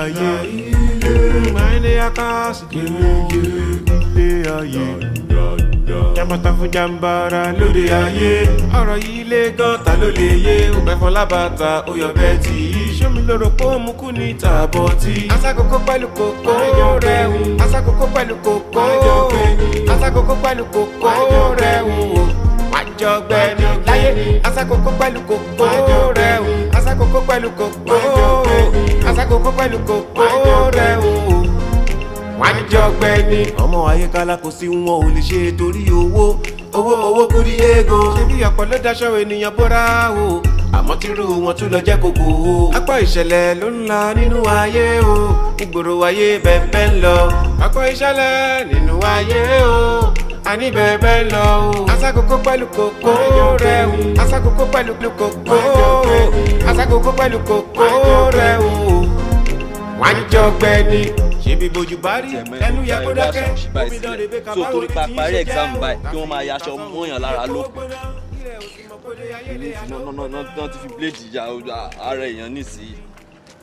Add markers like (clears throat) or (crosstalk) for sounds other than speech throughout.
ayé máìlì akásí ilé ayé jàmbátà fún jàmbára lóde ayé ọ̀rọ̀ yìí lé gan ta ló lè yé òbẹ̀fọn lábàtà ó yọ bẹ́ẹ̀ tì í sómi lóró pé ó mú kú ní tààbọ̀ tí. asakoko pẹ̀lú kòkó rẹ̀ wù asakoko pẹ̀lú kòkó asakoko pẹ̀lú kòkó rẹ̀ wù àjọgbẹ ni láyé asakoko pẹ̀lú kòkó rẹ o asakoko pẹ̀lú kòkó asakoko pẹ̀lú kòkó rẹ o wọ́n àjọgbẹ ni. ọmọ ayékálá kò sí wọn ò lè ṣe torí owó owó owó kúrí eégún. ṣebí ọ̀pọ̀ ló daṣọ ènìyàn bóra o àmọ́ tírú wọn tún lọ jẹ́ kókó o. apá ìṣẹ̀lẹ̀ ló ń la nínú ayé o ìgboro ayé bẹ́ẹ̀ bẹ́ẹ̀ lọ. apá ìṣẹ̀lẹ̀ nínú ayé o àní bẹ̀bẹ̀ lọ o. asakoko pẹ̀lú kòkó rẹ o. asakoko pẹ̀lú kòkó asakoko pẹ̀lú kòkó rẹ o. wọ́n á jọ gbẹ ni. ṣebí bójú bá rí ẹnu yẹ kó dákẹ́. tó torí pa parí exam báyìí kí wọ́n máa yaṣọ mọ́yàn lára lókun náà ti fi bíléèdì ya ara èèyàn nísìnyí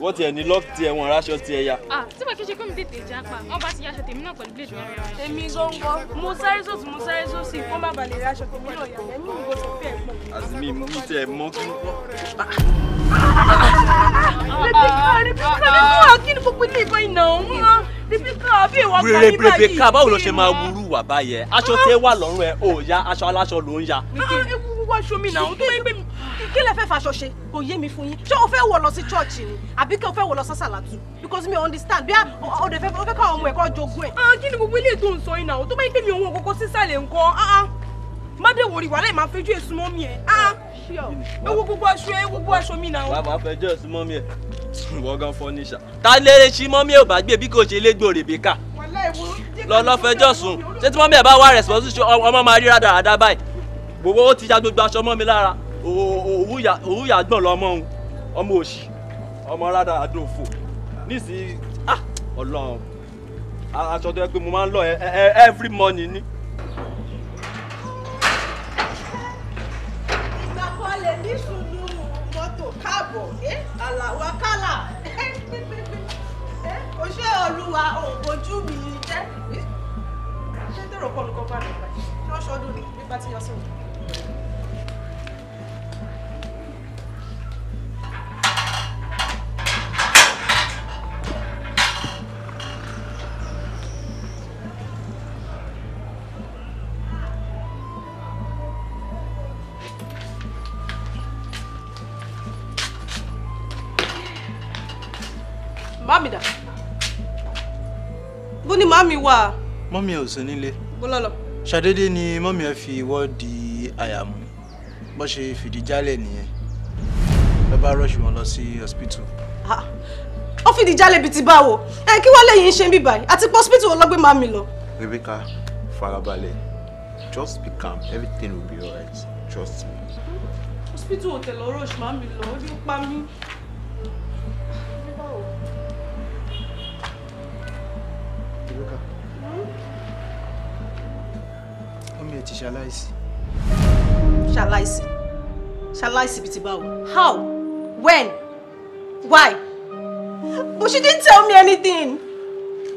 wọ́n tiẹ̀ ní lọ́ọ̀kì tiẹ̀ wọn aráṣọ tiẹ̀ ya. tí mo kí ṣe kó mi tètè já pa wọn bá ti yaṣọ tèmi náà pẹ̀lú blade mẹ́rin ọ̀rẹ́. èmi gbọ́ngọ́ mo sáré sóòtù mo sáré sóòsì kó má balẹ̀ raṣọ tèmi náà yà ẹ̀mí mi kò sí bẹ́ẹ̀ pọ̀. àzìmí mi tiẹ̀ mọ́ kí. Wèrè Rebecca báwo ló ṣe máa wúrú wà báyẹn? Aṣọ tí wà lọ́rùn ẹ ò ya aṣọ aláṣọ ló ń ya. Ewu ah, ah, wáṣọ mi náà, tó yẹ pé mi kí lẹ fẹ́ faṣọ ṣe kò yé mi fún yín ṣé o fẹ́ wọ̀ lọ sí ṣọ́ọ̀ṣì ni àbí kí o fẹ́ wọ̀ lọ sásàlátù because mi ò understand bí o dẹ̀ fẹ́ o fẹ́ káwọn ọmọ ẹ̀kọ́ jogún ẹ̀. Ah, kí ni gbogbo ilé tó ń sọ yìí náà tó bá yẹ pé mi ò wọ kókó sísàlẹ̀ nǹkan ah, ah. mádé wòrí wàhálà ẹ̀ máa fẹjú èsùn mọ́ mi ẹ̀ ewu gbogbo aṣọ ewu gbogbo aṣọ mi náà. wàá máa fẹjọ́ èsùn mọ́ mi ẹ̀ wọ́n gan fọ́ níṣà. ta lérè sí mọ́mí ò bá gbé bí kò ṣe légbò Rèbékà lọ lọ fẹjọ́ sùn ṣé tí mọ́mí ẹ̀ bá wà responsible ọmọ máa rí rádaràda báyìí gbogbo ó ti ya gbogbo aṣọ mọ́ mi lára òwú yàgbọ́n lọ́mọ òun ọmọ òsì ọmọ rádà àdófò nísìnyí ah ọlọ́run aṣọ tó yẹ pé mo máa ń lọ every morning ni. ìgbàkọ̀lẹ̀ ní sùnú mọ́tò káàbọ̀ àlàwà kálà òṣè olúwa òǹbojú mi jẹ́ ṣé dèrò kọlùkọ́ bá mi gbà ṣọ́ṣọ́dún nípa tí yọ sọ̀rọ̀. mọ́mí wa, mọ́mí ẹ̀ ò sí nílé. bọ́lá lọ. ṣàdédé ni mọ́mí ẹ̀ fi ìwọ́ di àyàmú bó ṣe fìdí jálẹ̀ nìyẹn lọ bá rush wọn lọ sí hospital. Ah, ó fìdí jálẹ̀ bíi ti báwo ẹ kí wọ́n lẹ́yìn ṣe ń bíbà yìí àti hospital wọn lọ́gbẹ́ máa mi lọ. Rebecca farabalẹ̀ just be calm everything will be alright trust me. hospital ò tẹ̀lé rush máa mi lọ ó pa mí. ti ṣaláìsí. ṣaláìsí ṣaláìsí bíi ti báwo how when why but she didn't tell me anything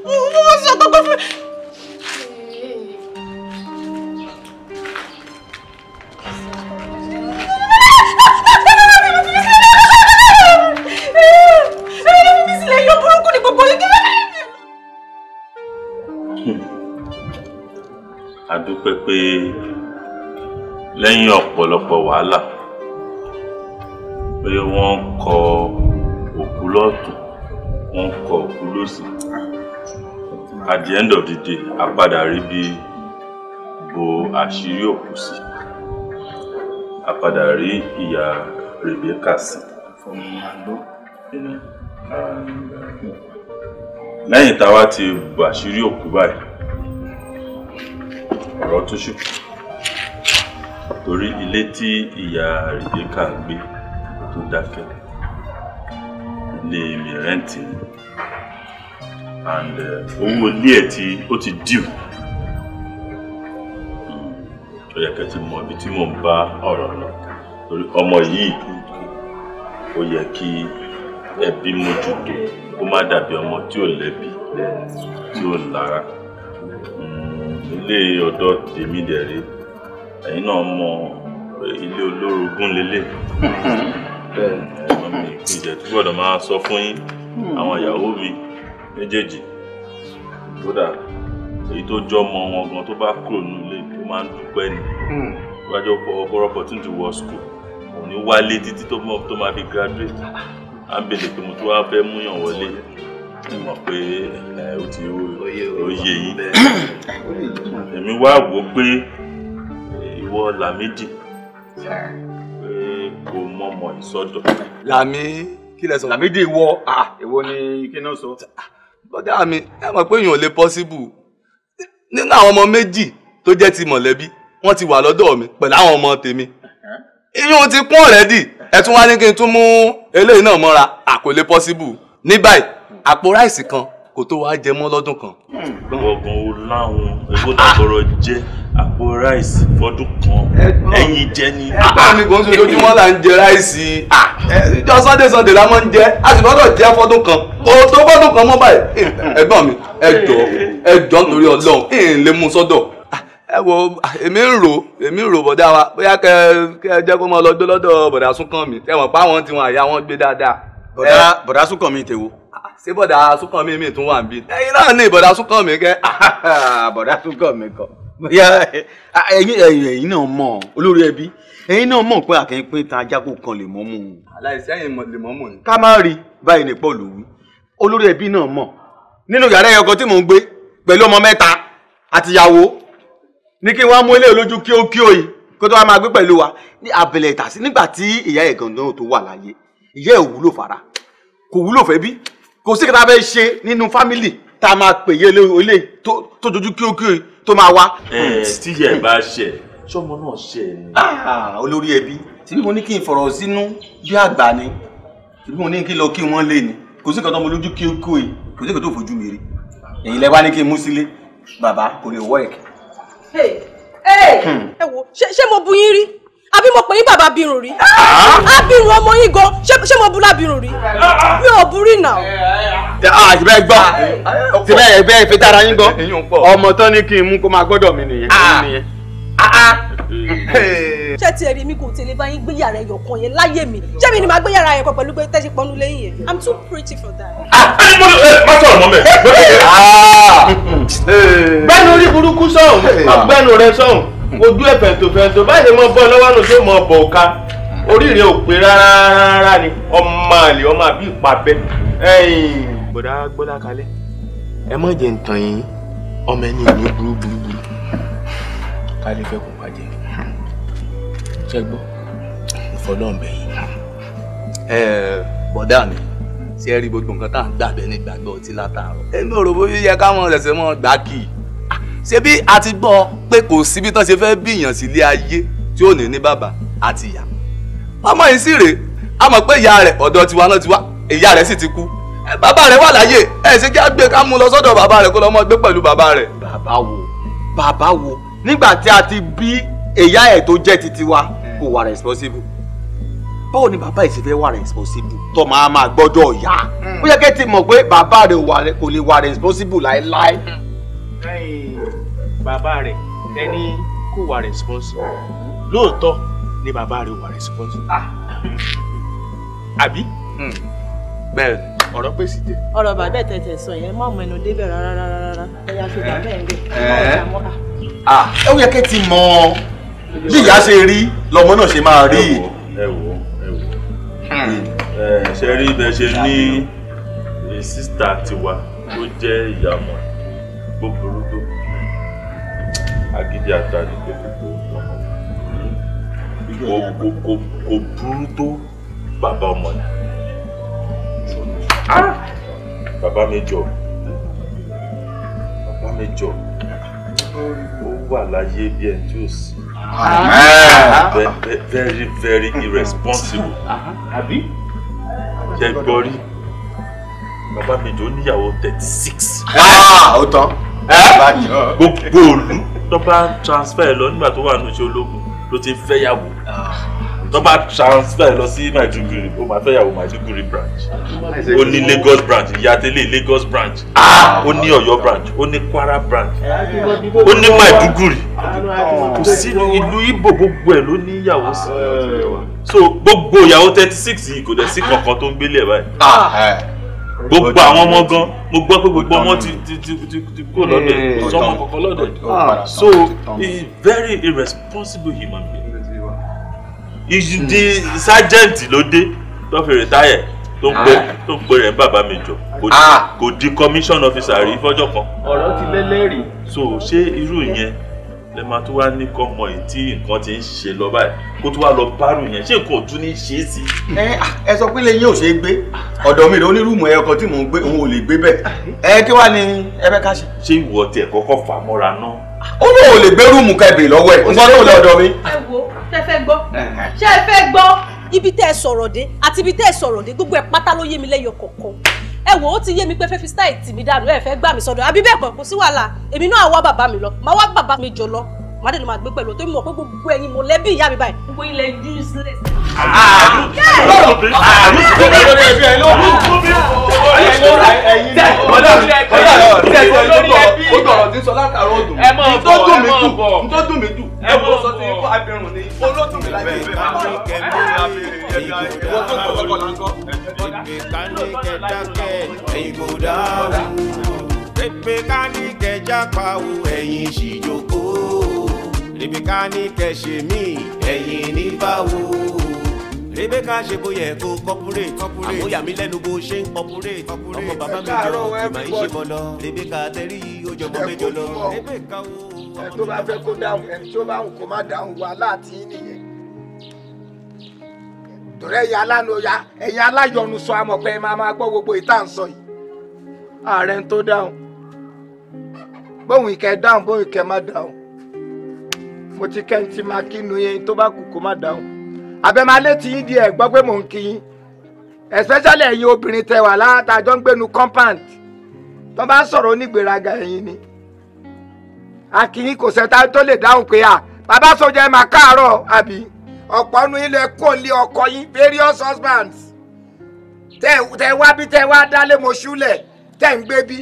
wọ́n sọ gbogbo fún a pé lẹ́yìn ọ̀pọ̀lọpọ̀ wàhálà pé wọ́n kọ òkú lọ́tún wọ́n kọ òkú lósì at the end of the day a padà rí bí bo àṣírí òkú sí a padà rí ìyá Rebecca sí. lẹ́yìn táwa ti bo òkú báyìí ọ̀rọ̀ tó ṣe torí ilé tí ìyá Rebecca ń gbé tó dákẹ́ ilé mi rẹ́ǹtì ni and uh, owó ilé ẹ̀ tí ó ti dìú ó yẹ mọ ibi tí mò ń bá ọ̀rọ̀ lọ torí ọmọ yìí ó yẹ kí ẹbí mójútó kó má dàbí ọmọ ilé ọ̀dọ́ tèmi dẹ̀ rí ẹ̀yin náà mọ ilé olórogún lélẹ̀ ẹ̀mọ́ mi kì í jẹ́ tó gbọ́dọ̀ máa sọ fún yín hmm. àwọn ìyàwó mi méjèèjì kódà èyí tó jọ mọ wọn gan tó bá kúrò nínú ilé ó máa ń dúpẹ́ ni wájú ọ̀pọ̀lọpọ̀ opportunity wọ school òun wálé títí tó máa fi graduate á ah. ń bèèrè pé mo tún wá fẹ́ wọlé ẹ mọ̀ pé ẹ ó ti oyè yìí (clears throat) èmi wá wò ó pé ìwọ Lámídì pé kò mọ̀mọ̀ ìsọdọ̀. Lámì kí lẹ sọ Lámídì wọ èwo ni kí náà sọ. bọ́dá mi ẹ mọ̀ pé èèyàn ò lè pọ́síbù nínú àwọn ọmọ méjì tó jẹ́ ti mọ̀lẹ́bí wọ́n ti wà lọ́dọ̀ mi pẹ̀lú àwọn ọmọ tèmi iyún ti kún ọ̀rẹ́dì ẹ̀ tún wá ní kí n tún mú eléyìí náà mọ́ra à kò lè pọ́síbù ní báyìí àpò ráìsì kan kò tó wàá jẹ mọ́ lọ́dún kan. Hmm. gbọ̀ngàn o láwọn èwo dàgbọ̀rọ̀ jẹ́ àpò ráìsì fọdún kan ẹ̀yìn jẹ́ ni. ẹgbẹ́ mi kò ń ṣe ojoojúmọ́ là ń jẹ ráìsì ìjọ sunday sunday la máa ń jẹ a sì gbọ́dọ̀ jẹ fọdún kan o tó fọdún kan mọ́ báyìí ẹ̀gbọ́n mi ẹ jọ̀ọ́ ẹ jọ̀ọ́ nítorí ọlọ́run kí n lè mú sọ́dọ̀ ẹ wo èmi ń rò èmi ń rò bọ̀dá wa bóyá kẹ kẹ jẹ kó máa lọ gbé lọ́dọ̀ bọ̀dá súnkàn mi ẹ mọ̀ pé àwọn tiwọn àyà wọn gbé dáadáa. bọ̀dá bọ̀dá tèwo ṣé bọ̀dà súnkàn mi mi tún wà níbí ẹ̀yin náà ní bọ̀dà súnkàn mi kẹ́ (laughs) bọ̀dà súnkàn mi kọ́ bóyá ẹ̀yin náà mọ̀ olórí ẹbí ẹ̀yin náà mọ̀ pé àkẹ́yìn pé tan ajáko kan lè mọ́ mú un. aláìsí ẹ̀yin lè mọ́ mú un. ká má rí báyìí nípò lòwú olórí ẹbí náà mọ̀ nínú yàrá ẹyọkọ tí mò ń gbé pẹ̀lú ọmọ mẹ́ta àtìyàwó ní kí wọ́n mú ilé olójú kí ó kí ó yìí kó tó wá máa gbé pẹ̀lú wa ní abẹ̀lẹ̀ ìtàsí nígbà tí ìyá ẹ̀gàn náà tó wà láyé ìyá ẹ̀ wúlò fara kò wúlò fẹ́ bí kò sí kẹta fẹ́ ṣe nínú fámìlì tá a máa pè yé olè tó dojú kí ó kí ó tó máa wá. ẹ tí yẹ bá ṣe sọmọ náà ṣe ẹ. Ah, olórí ẹbí tí mo ní kí n fọ̀rọ̀ sínú bí àgbà ni tí mo ní kí n lọ kí wọ́n lé ni kò sí kẹta ọmọ lójú kí ó kí ó yìí e, kò sí kẹta òfojú mi rí èyí lẹ ní kí n mú sílé bàbá kò lè wọ ẹ̀kẹ́. Hmm. ẹ wo ṣé mo bu yín rí àbí mo pè yín bàbá bírun rí abirun ah! ọmọ yín gan ṣé mo bu lábirun rí mi ò burú nà. àtibẹ́ ah, gbọ́ tibẹ́ ah, eh, eh, ẹgbẹ́ ìfitara yín gbọ́ ọmọ tán ni kí n mú kó máa gbọ́dọ̀ mi nìyẹn. Eh. ṣé tiẹ̀ rí mi kò tẹ̀lé báyìí gbé yàrá ẹyọ kan yẹn láyé mi ṣé mi ni màá gbé yàrá ẹyọ kan pẹ̀lú pé tẹ́sí pọnú lẹ́yìn yẹn i'm too pretty for that. má sọ̀rọ̀ mọ́ bẹ́ẹ̀. bẹ́ẹ̀ ni orí burúkú sọ̀hún ọgbẹ́nu rẹ sọ̀hún ojú ẹ̀ fẹ̀ntòfẹ̀ntò báyìí mọ bọ́ lọ́wọ́ nù tó mọ bọ̀ ọ̀ka orí rẹ̀ ò pé rárá rárá ni ọmọ àlè ọmọ àbí ìpàbẹ. bọ̀dá gbọ́dá kalẹ̀ ẹ mọ̀ jẹ́ ntàn yín ọmọ ẹni ìní burú burú burú kálí fẹ́ kó pàjẹ́ ṣe gbọ́ ìfọlọ́ọ̀bẹ yìí. bọ̀dá mi ṣe é rí gbogbo nǹkan tá à ń gbàgbẹ́ nígbàgbọ́ ọtí látàárọ̀. èmi ò rò bó yẹ ká mọ̀ ọ̀rẹ́sẹ̀ mọ̀ gbákì ṣebí a ti gbọ́ pé kò síbi tán ṣe fẹ́ bíyàn sílé ayé tí ò ní ní bàbá àti ìyá ọmọ yìí sì rèé a mọ̀ pé ìyá rẹ̀ ọ̀dọ̀ tiwa náà ti wá ìyá rẹ̀ sì ti kú bàbá rẹ̀ wà láyé ẹ̀ ṣe kí a gbé ká mú lọ sọ́dọ̀ bàbá rẹ̀ kó lọ́mọ gbé pẹ̀lú bàbá rẹ̀. bàbá wo bàbá wo nígbà tí a ti bí ìyá ẹ̀ tó jẹ́ ti tiwa kò wà responsible báwo ni bàbá ìṣẹ̀fẹ́ wà responsible tó máa máa gbọ́dọ̀ yá hmm. ó yẹ kẹ́ ti mọ̀ pé bàbá rẹ̀ kò lè wà responsible láéláé. Hmm bàbá rẹ̀ ẹni kò wà responsible lóòótọ́ ni bàbá rẹ̀ wà responsible ah. àbí hmm. bẹ́ẹ̀ ọ̀rọ̀ pé sì tẹ. ọ̀rọ̀ bàbá ẹ̀ tẹ̀tẹ̀ sọ yẹn mọ́ ọmọ ẹnu débẹ̀ rárá rárá rárá ẹ̀yà fi bàbá ẹ̀ ń gbé ọmọ ọ̀dà mọ́. ẹ ó yẹ kẹ́ ti mọ bí ìyá ṣe rí lọmọ náà ṣe máa rí. ẹ wò ẹ wò ẹ hmm. eh, ṣe rí bẹ́ẹ̀ ṣe ní eh, sísítà tiwa tó jẹ́ ìyàmọ̀ gbogbo agídí àtàrí pé kò burú tó bàbá ọmọ ni ah! bàbá mi jọ bàbá mi jọ ó wà láyé bí ẹni tí ó sì ah! very very irresponsible jẹ uh-huh. gbọ́ rí bàbá mi jọ níyàwó thirty six. Ah! ó tán eh? oh. gbogbo òlu tó transfer lọ nígbà tó wà ní iṣẹ́ ológun ló ti fẹ́yàwó ah. tó bá transfer lọ sí maiduguri ó máa fẹ́yàwó maiduguri branch ó ní Lagos branch ìyàtẹ̀lé Lagos branch ó ní Ọ̀yọ́ branch ó ní Kwara branch ó ní maiduguri kò sí ìlú ibo gbogbo ẹ̀ ló ní ìyàwó sí ah, so gbogbo ìyàwó thirty six yìí kò dẹ̀ sí kankan tó ń gbélé ẹ̀ báyìí. Ah, gbogbo àwọn ọmọ gan mo gbọ́ pé gbogbo ọmọ ti ti ti ti kó lọ́dẹ̀ sọmọ kọ̀ọ̀kan lọ́dẹ̀ ah, so he is very irresponsible human being ìdí hmm. sergeant ló dé tó fi retire tó ń pè ah. tó ń pè rẹ̀ bàbá mi jọ ah. kò di commission officer rí fọ́jọ́ kan. ọ̀rọ̀ ti lẹ́lẹ́rìí. so ṣé irú ìyẹn lẹ máa tó wá ní kọ́ mọ èyí tí nǹkan ti ń ṣe lọ báyìí kó tó wá lọ bárò yẹn ṣé nǹkan ò tún ní ṣe é sí. ẹ ẹ sọ pé lẹ́yìn ò ṣe é gbé ọ̀dọ̀ mi ló ní rúùmù ẹyọkọ tí mò ń gbé òun ò lè gbé bẹ́ẹ̀ ẹ kí wàá ní ẹ fẹ́ ká ṣe. ṣé ìwọ tiẹ̀ kọ́kọ́ fà mọ́ra náà. ó lóun ò lè gbé rúùmù kẹbìrì lọ́wọ́ ẹ̀ nǹkan tó lọ́dọ̀ mi. ẹ wo ṣe fẹ́ gbọ́ ṣe fẹ́ gbọ́ ibi tẹ́ ẹ sọ̀rọ̀ dé àti ibi tẹ́ ẹ sọ̀rọ̀ dé gbogbo ẹ̀ pátá ló yé mi lẹ́yọ kọ̀ọ̀kan ẹ wò ó ti yé mi pé fẹ́ fi style tì mí dànù ẹ fẹ́ gbà mí sọ́dọ̀ àbí bẹ́ẹ̀ kọ́ kò sí wàhálà èmi náà wá bàbá mi lọ màá wá bàbá mi jọ lọ má dé ló máa gbé pẹ̀lú tó mọ̀ pé gbogbo ẹ̀yin mo lẹ́bí ìyá mi báyìí. gbogbo ilẹ̀ useless. ààrùn lọ́rọ̀ ààrùn tó bẹ̀rẹ̀ lórí ẹbí ẹ̀ ló mú fún mi. ẹ̀yin ló ra ẹ̀yin ní ọ̀dọ́ ọ̀dọ́ ọ̀dọ́ ẹ̀sìn ẹ̀yin tó bọ̀ ó dọ̀rọ̀ tí sọ látàrọ̀ ọdún. ẹ máa bọ̀ ẹ máa bọ̀ ntọ́ dùn mí dùn ẹ wọ sọ ti kọ́ abirùn ni olódùn mi láyé. èyí kò dáa wù. pépé ká ní kẹjá pa wù ẹ̀yìn ìṣìjókò. Rebeka ní kẹ̀ṣẹ̀ mi ẹ̀yìn ní báwo. Rebeka ṣe bó yẹ kó kọ́púrèé kọ́púrèé àmóyà mi lẹ́nu bó ṣe ń kọ́púrèé kọ́púrèé ọmọ bàbá mi jọ ìmọ̀ ìṣe bọ̀ lọ Rebeka tẹ́rí yìí ó jọmọ mẹ́jọ lọ. Rebeka wo ẹni tó bá fẹ́ kó dáhùn ẹni tó bá wù kó má dáhùn wà láti nìyẹn torí ẹ̀yin alánoya ẹ̀yin aláyọnu sọ àmọ̀ ẹ máa máa gbọ́ gbogbo ìta yìí ààrẹ ń tó dáhùn bóun ìkẹ́ dáhùn bóun ìkẹ́ má dáhùn. mo ti kẹ́ ń ti máa kí nu yín ti di ẹ̀ gbọ́ pé mò especially eyin obinrin tẹ wà látàjọ́ ń gbénu compound tó ba sọ̀rọ̀ onígbèraga ni akínyín kò sẹ́ta tó lè dáhùn pé à bàbá sọjà ẹ̀ máa káàárọ̀ àbí ọ̀pọ̀ nu ilẹ̀ kò le ọkọ yín various husbands tẹ wá bi tẹ wá dálé mo bi. tẹ̀ ń gbé bí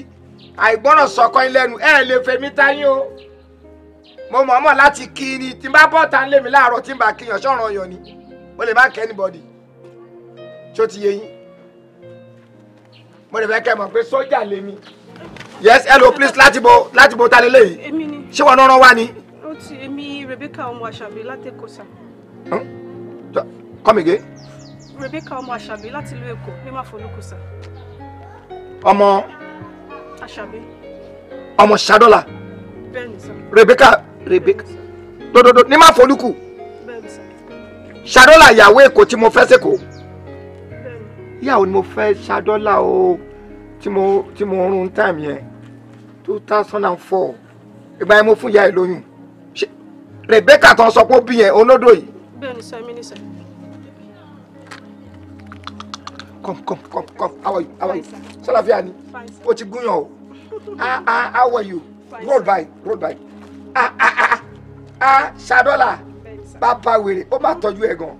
àìgbọ́ràn sọ̀kan ilẹ̀ nu lè o. mo mọ̀ọ́mọ̀ láti kí ni tí n bá bọ́ ta lé mi láàárọ̀ tí n bá kíyàn sọ̀rọ̀ ọyàn ni mo lè má kẹ́ anybody tí ó ti yé yín mo lè fẹ́ kẹ́ mọ̀ pé sójà lé mi yes hello please láti bo láti bo ta lé léyìí ṣé wọn náà rán wá ni. ó ti èmi Rebecca ọmọ àṣàbí láti Èkó sá. come again. Rebecca ọmọ àṣàbí láti ìlú Èkó ní máfolúkú sá. ọmọ. àṣàbí. ọmọ ṣadọ́là. bẹ́ẹ̀ ni sá. Rebecca. Rebecca dododo ní má folúkù ṣadọ́là ìyàwó èkó tí mo fẹ́ sẹ́kọ̀ ìyàwó ni mo fẹ́ ṣadọ́là o tí mo tí mo rún táìmù yẹn two thousand and four ìgbà yẹn mo fún ìyá ẹ lóyún Rebecca tó ń sọ pé ó bí yẹn olódò yìí. bẹ́ẹ̀ni sọ èmi ni sọ. come come come come how are you how are you sọlá fíà ni o (laughs) ah, gúnyàn ah, how are you roll by roll by a ah, a ah, a ah, a ṣàdọ́là bàbá wèrè ó má tọ́jú ẹ̀ gan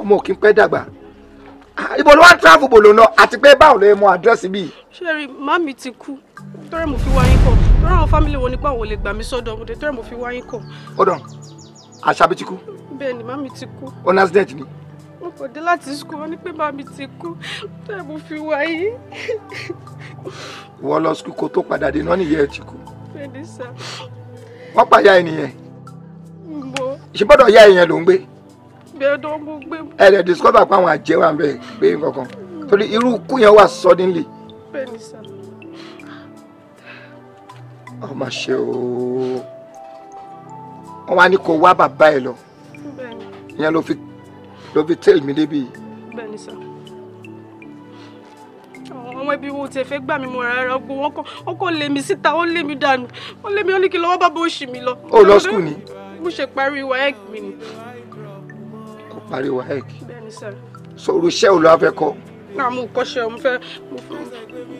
ọmọ òkín pẹ́ dàgbà ibo ló wá travel bò ló lọ àti pé báwo ló mọ àdírẹ́sì bíi. ṣẹ́rí màmí ti kú tọ́rẹ́ mo fi wáyé kọ̀ tọ́rẹ́ àwọn fámìlì wọn nípa àwọn ò lè gbà mí sọ́dọ̀ ọmọdé tọ́rẹ́ mo fi wáyé kọ̀. hold on àṣàbí ti kú. bẹ́ẹ̀ni màmí ti kú. honours dead ni. mo kò dé láti school wọn ní pé màmí ti kú tọ́rẹ́ mo fi wáyé. wọ́n lọ school kó tó padà dé náà nìyẹn ti kú bẹ́ẹ̀ni sá. wọ́n pàyà ènìyàn. mo. ìṣèbọ̀dọ̀ ya èèyàn ló ń gbé. bẹ́ẹ̀ tó ń gbé. ẹ lè discover pé àwọn àjẹ́ wà ń bẹ̀ gbé nǹkan torí irú ikú yẹn wà suddenly. bẹ́ẹ̀ni sá. ọ mà ṣe ooo wọ́n wá ní kó wá bàbá ẹ lọ ìyẹn ló fi ló mi débi. bẹ́ẹ̀ni sá ọmọ ibi wo tẹ̀ fẹ́ gbà mí mọ́ra rárá ọgbọ́n wọn kọ́ wọn kọ́ lé mi síta ó lé mi dànù ó lé mi ó ní kí lọ́wọ́ bàbá òṣì mi lọ. ó lọ skul ni. mo ṣe parí waec mi ni. kò parí waec. bẹ́ẹ̀ni sir. sọ̀rọ̀ iṣẹ́ òun ló fẹ́ kọ́. náà mo kọ́ṣẹ́ mo fẹ́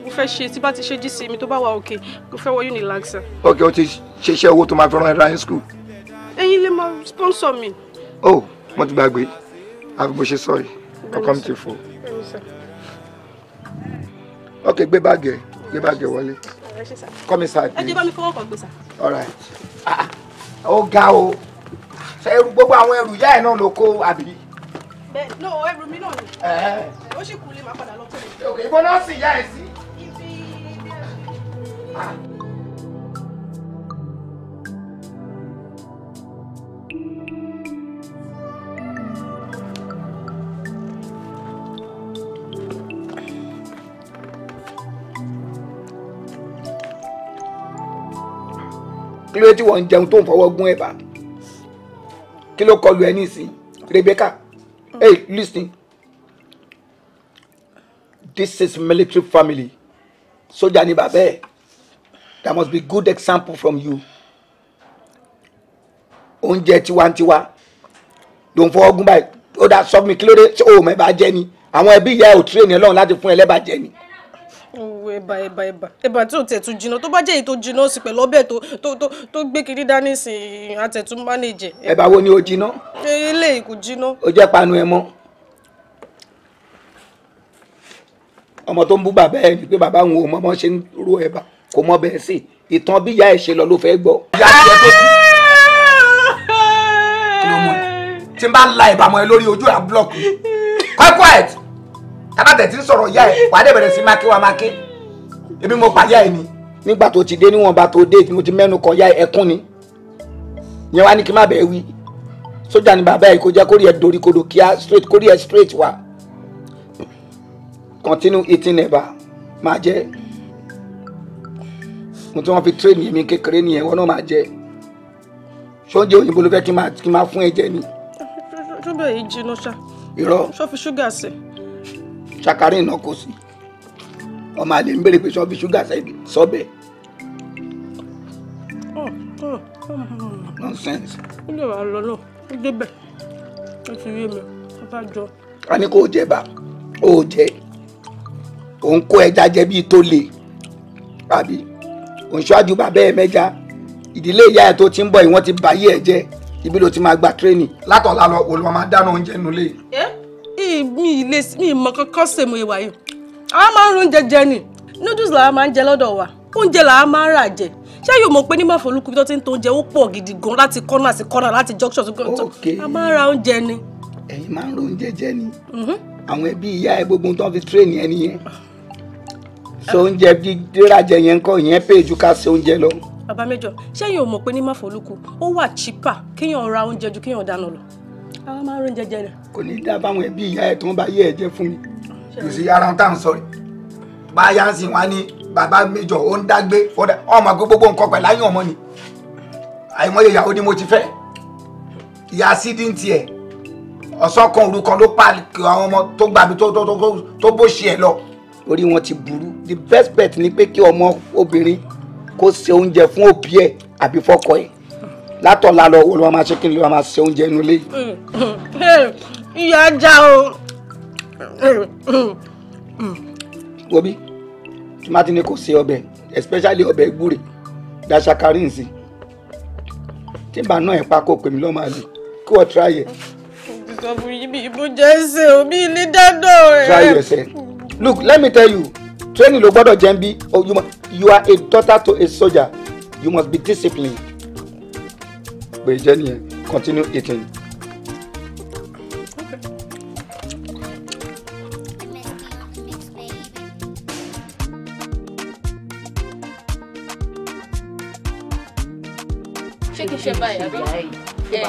mo fẹ́ ṣe tí bá ti ṣe jí sí mi tó bá wà òkè mo fẹ́ wọ unilag sir. ok o ti ṣe iṣẹ́ owó tó máa fẹ́ràn ẹ̀rọ ayé skul. ẹ̀yin lè máa sponsor mi. oh mo ti gbàgbé àfi bó ṣe sọ yìí ọkọ mi ti fò. bẹ́ẹ̀ni sir. Okay, gbé báàgì ẹ gbé báàgì ẹ wọlé come inside please. ẹ jẹ́ bá mi fọwọ́ kan gbé all right ah, ah, ó ga o ẹrù gbogbo àwọn ẹrù ìyá ẹ náà ló kó àbí. bẹ́ẹ̀ no ẹrù mi náà ni ó sì kú lè má padà lọ. ìbọn náà sì yá ẹ sí. ibi. kí ló dé tí wọ́n ń jẹun tó ń fọwọ́ gún ẹ̀bà kí ló kọlu ẹ nísìn Rebecca mm. hey listen this is military family sójà ni bàbá ẹ that must be good example from you oúnjẹ tiwantiwa ló ń fọwọ́ gún báyìí ó dá sọ́mi kí ló dé tí òun ẹ̀ bá jẹ́ ni àwọn ẹbí ìyá ẹ̀ ò tírè ní ọlọ́run láti fún ẹ lẹ́bàá jẹ́ ni wo ẹ̀bà ẹ̀bà ẹ̀bà ẹ̀bà tí ò tẹ̀ tún jiná tó bá jẹ́ èyí tó jiná sí pẹ̀lú ọbẹ̀ tó tó tó gbé kiri dání sí i àtẹ̀tún mánéjẹ. ẹ̀bà wo ni o jiná. eléyìí kò jiná. o jẹ́ panu ẹ mọ́. ọmọ tó ń bú bàbá ẹ ni pé bàbá òun ò mọ ọmọ ṣe ń ro ẹ̀bà kò mọ bẹ́ẹ̀ sí ìtàn bíyà ẹ̀ ṣe lọ ló fẹ́ gbọ́. tí n bá la ẹ̀bà mọ́ ẹ lórí ojú à tábàtẹ̀ tí ń sọ̀rọ̀ ìyá ẹ̀ wà á dẹ̀ bẹ̀rẹ̀ sí máké wa máké ebi mo pa ìyá ẹ̀ ni. nígbà tó ti dé níwọ̀nba tó dé mo ti mẹ́nu kọ ìyá ẹ̀ ẹkún ni yẹn wá ní kí n má bẹ́ẹ̀ wí sójà ni bàbá ẹ̀ kò jẹ́ kórìí ẹ̀ dorí kodò kíá straight kórìí ẹ̀ straight wa continue eating ẹ̀bà máa jẹ́ mo tí wọ́n fi train mi kékeré nìyẹn wọ́n náà máa jẹ́ ṣọ́njẹ òyìnbó ló fẹ́ kí n máa fún ẹ jẹ ni. ṣọ́bẹ̀ yìí jiná ṣá. irọ́. ṣọ́ fi ṣúgà sí i sakarin náà kò sí ọmọ àlè ń béèrè pé sọ́ọ́bì ṣúgà sọ́bẹ̀. nonsense. ó lè wà lọ́nà ó débẹ̀ ó ti rí mi ó a ní kò jẹ bá ó jẹ òun kó ẹja jẹ bíi tó le àbí òun ṣáájú bàbá ẹ mẹ́ja ìdílé ìyá ẹ tó ti ń bọ̀ yìí wọ́n ti bàyí ẹ jẹ́ ibi ló ti máa gba tírénì látọ̀la lọ òun ló máa dáná oúnjẹ nulẹ̀ mi ilé mi mọ kankan ṣe mo ìwà yìí àwọn máa ń rún jẹjẹ ni noodles làwọn máa ń jẹ lọ́dọ̀ wa oúnjẹ làwọn máa ń rà jẹ ṣé yóò mọ̀ pé ní máa tó ti ń to ó pọ̀ gidi gan láti kọ́nà sí kọ́nà láti junction sí junction a máa ń ra oúnjẹ ni. ẹ̀yin máa ń rún jẹjẹ ni mhm. àwọn ẹbí ìyá ẹ gbogbo tó ń fi tírèènì ẹni yẹn ah. so oúnjẹ bí dírajẹ yẹn ń kọ ìyẹn pé ju ká ṣe oúnjẹ lọ. bàbá mẹ́jọ ṣé yóò mọ̀ pé ní máa folúkú ó wà chípà kéèyàn ra oúnjẹ ju kéèyàn dáná lọ àwọn máa ń ronú jẹjẹ rẹ. kò ní dá báwọn ẹbí ìyá ẹ tó ń bá yé ẹ jẹ fún mi kò sí ara tá à ń sọ rẹ bá a yá ń sìn wá ní bàbá méjọ ó ń dágbé fọdà ọmọ àgbo gbogbo nǹkan pẹ̀lú ayé ọmọ ni àìmọye ìyàwó ni mo ti fẹ́ ìyá sídì ń tiẹ̀ ọ̀sán kan ló pààkì àwọn ọmọ tó gbàdú tó bó ṣe ẹ lọ orí wọn ti burú the best bet ni pé kí ọmọ obìnrin kó ṣe oúnjẹ fún òbí ẹ àbí fọ́kọ ẹ látọ̀la lọ òun ló máa ṣe kí ni ló máa ṣe oúnjẹ inú ilé. ìyá já o. wobi tí má kò ṣe ọbẹ̀ especially ọbẹ̀ gbúre dasakari nsì tí bá náà ẹ̀ pa kó pèmí lọ́ọ́ máa lè kí wọ́n try ẹ̀. ìsọ̀bù ibi ìbò ṣe omi ilé dáná ẹ̀. try yourself look let me tell you training ló gbọ́dọ̀ jẹ́ ń bí oh, you are a daughter to a soldier you must be disciplined pé jẹ́ nìyẹn continue eating. ṣé kí n ṣe báyìí àbí ẹ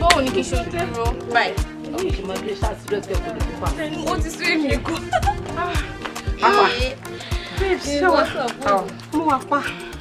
báwo ni kí n ṣe dúró báyìí. ó ti sún èmi kú. Papa, ah. ah, babes, ṣé wàá mo wà pa.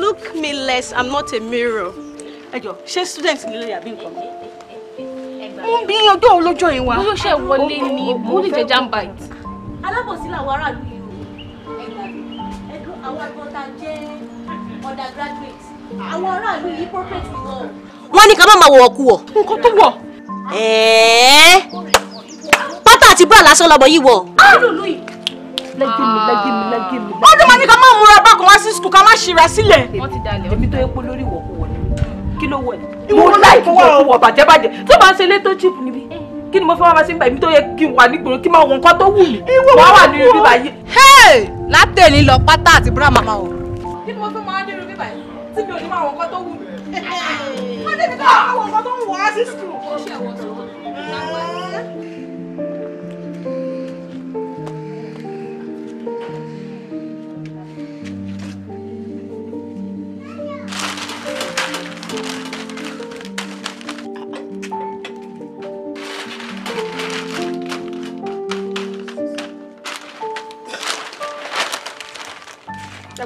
look me less i'm not a mirror. ẹ she students. student nílò yàbí nǹkan mi. mo ń bíyàn ọjọ́ olójó yìí wa. bóyá ṣe wọlé ni mo lè jẹ jambite. alábòsí làwọn aráàlú yìí o ẹgbẹ́ àwọn àgbọ̀tà jẹ́ undergraduate àwọn aráàlú yìí corporate ni wọn. wọ́n ní ká má máa wọ̀ ọ́ wọ̀. nǹkan tó wọ̀. ẹ̀ẹ́ pátá àti búrà lásán yìí wọ̀. àlùlù yìí lẹ́gì mi lẹ́gì mi lẹ́gì mi. ọdún wọn ni ká máa múra bákan wá sí sukùl ká má ṣìra sílẹ̀. èmi tó epo lórí ìwọ̀ kò wọlé kí ló wọlé. mo láìkí wọ ọwọ bàjẹ́bàjẹ́ tó bá ń ṣe létò chip níbí eh. kí ni mo fẹ́ wá bá sí nígbà èmi tó yẹ kí n wà nígboro kí n máa wọ nǹkan tó wù mí wà wà ní ibi báyìí. látẹ̀ni lọ pátá àti búrà màmá o. kí ni mo fẹ́ máa dé ibi báyìí tí mi ò ní máa wọ nǹkan tó wù mí.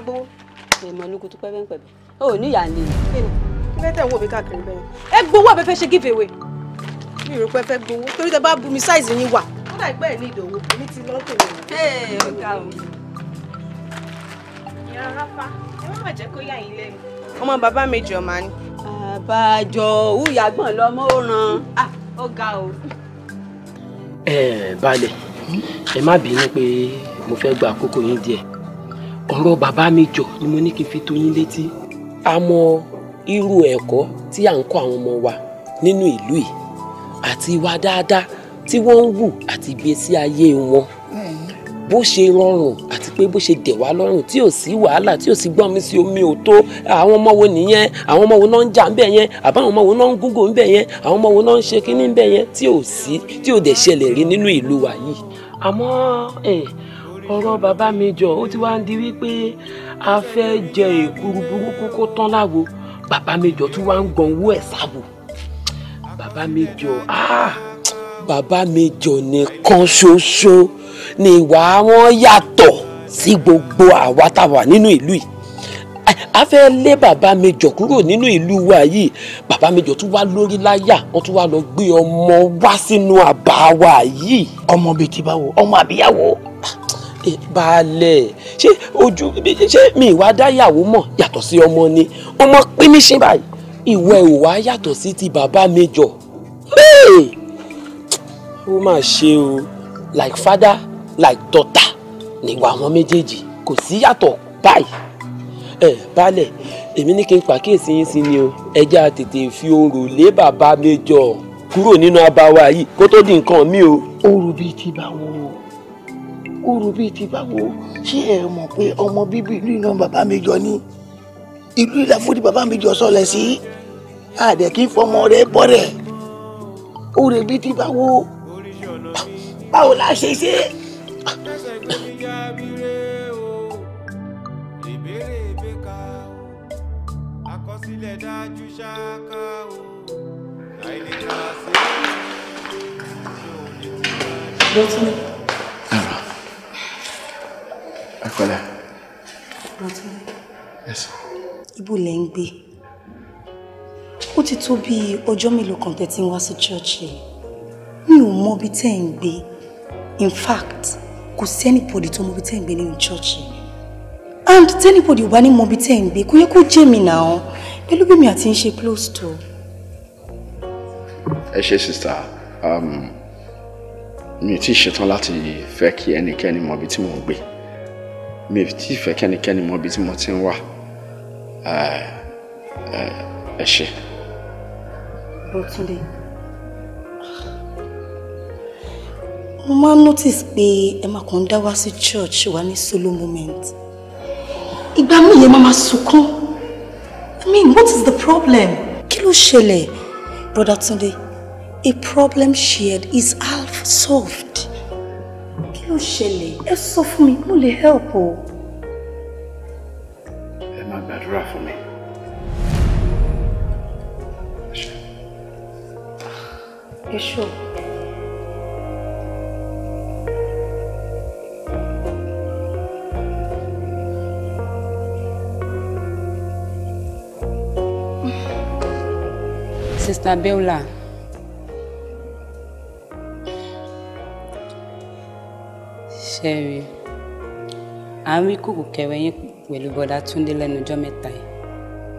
gbowó èèmọ̀ ológun tó pẹ́ bẹ́ẹ̀ pẹ̀bẹ́ ó ní ìyá ni. kí ló tẹ̀ ń káàkiri bẹ́ẹ̀ ẹ gbowó àbẹ fẹ́ ṣe give away mi ò rò pé fẹ́ gbowó torí tẹ bá bu mi size yín wà ó dà ìpẹ́ ẹ̀ ní ìdòwò èmi ti lọ́ tèmi. ee ó ga o. ìyá rápá ẹ má má jẹ́ kó yà yín lẹ́nu. ọmọ bàbá mi jọ máa ní. àbájọ òwúyàgbọ̀n lọmọ ó ran ó ah, o. ẹ eh, balẹ̀ ẹ má bínú pé mo fẹ́ gba àkókò yín díẹ̀ ọ̀rọ̀ bàbá mi jọ ni mo ní kí n fi tó yín létí. a mọ irú ẹ̀kọ́ tí à ń kọ́ àwọn ọmọ wa nínú ìlú yìí àti ìwà dáadáa tí wọ́n ń wù àti ìgbésí ayé wọn bó ṣe rọrùn àti pé bó ṣe dẹ̀ wá lọ́rùn tí ò sí wàhálà tí ò sí gbọ́n mi sí omi ò tó àwọn ọmọ wo nìyẹn àwọn ọmọ wo náà ń jà ńbẹ̀ yẹn àbáwọn ọmọ wo náà ń gúngò ńbẹ̀ yẹn àwọn ọmọ wo náà ń ṣe kínní ńbẹ̀ yẹn tí ò sí tí ò dẹ̀ ṣẹlẹ̀ rí nínú ìlú wa yìí. àmọ́ ọ̀rọ̀ bàbá mi jọ ó ti wá ń di wípé a fẹ́ jẹ èkuru burúkú kó tán láwo bàbá mi jọ tún wá ń gbọ̀n owó ẹ̀ sáwò bàbá mi jọ ah! bàbá mi jọ nìkan ṣoṣo ni ìwà wọn yàtọ̀ sí gbogbo àwa tá a wà nínú ìlú yìí a fẹ́ lé bàbá mi jọ kúrò nínú ìlú wa yìí bàbá mi jọ tún wá lórí láyà wọ́n tún wá lọ gbé ọmọ wá sínú àbá wa yìí. ọmọ bíi ti báwo ọmọ àbíyàwó baálẹ̀ ṣé ojú ṣé mi ìwà dáyàwó mọ̀ yàtọ̀ sí ọmọ ni ọmọ pín ní ṣe báyìí ìwọ ò wá yàtọ̀ sí ti bàbá mi jọ bẹ́ẹ̀ ó mà ṣe o like father like daughter níwà àwọn méjèèjì kò sí yàtọ̀ báyìí ẹ baálẹ̀ èmi ní kí n pàkíyèsí yín sí ni o ẹ jẹ́ tètè fi orò lé bàbá mi jọ kúrò nínú abawa yìí kó tó di nǹkan mi o. ó rubí ti bá wọn o oru bíi ti báwo ṣé ẹ mọ̀ pé ọmọ bíbí ìlú iná bàbá mi jọ ní ìlú ìlàfọ́dí bàbá mi jọ sọlẹ̀ sí àdẹ̀ kí fọmọ rẹ bọ́rẹ̀ oru bíi ti báwo báwo la ṣe ṣe. àkọsílẹ̀ Akọ́lá. Bọ̀dé. Yes. Ibo lẹ̀ ń gbé. Ó ti tó bí ọjọ́ mélòó kan tẹ́ ti ń wá sí ṣọ́ọ̀ṣì. Mi ò mọ ibi tẹ́ ń gbé. In fact, kò sí anybody tó mọ ibi tẹ́ ń gbé nínú ṣọ́ọ̀ṣì. And tẹ́nibọ̀dì ò bá ní mọ ibi tẹ́ ń gbé kò yẹ kó jẹ́ mi nà án. Pẹ̀lú bí mi àti ń ṣe close to. Ẹ ṣe sister, um, mi ò tí ì ṣetán láti fẹ́ kí ẹnikẹ́ni mọ ibi tí mò ń gbé mi ò tí ì fẹ́ kẹ́nikẹ́ni mọ ibi tí mo ti ń wà ẹ ṣe. Rotúndé mo máa ń notice pé ẹ máa kàn ń dá wá sí church wa ní solo moment ìgbà mi yẹn máa máa sunkún I mean what is the problem? kí ló ṣẹlẹ̀ brother Túndé a problem shared is half solved. Eu ṣẹlẹ̀ ẹ sọ fún mi mo É help o. ẹ máa gbàdúrà fún mi. ẹ ṣẹ́rí à ń rí kùkù kẹrẹ yín pẹ̀lú bọ́dá Túndé lẹ́nu ọjọ́ mẹ́ta yìí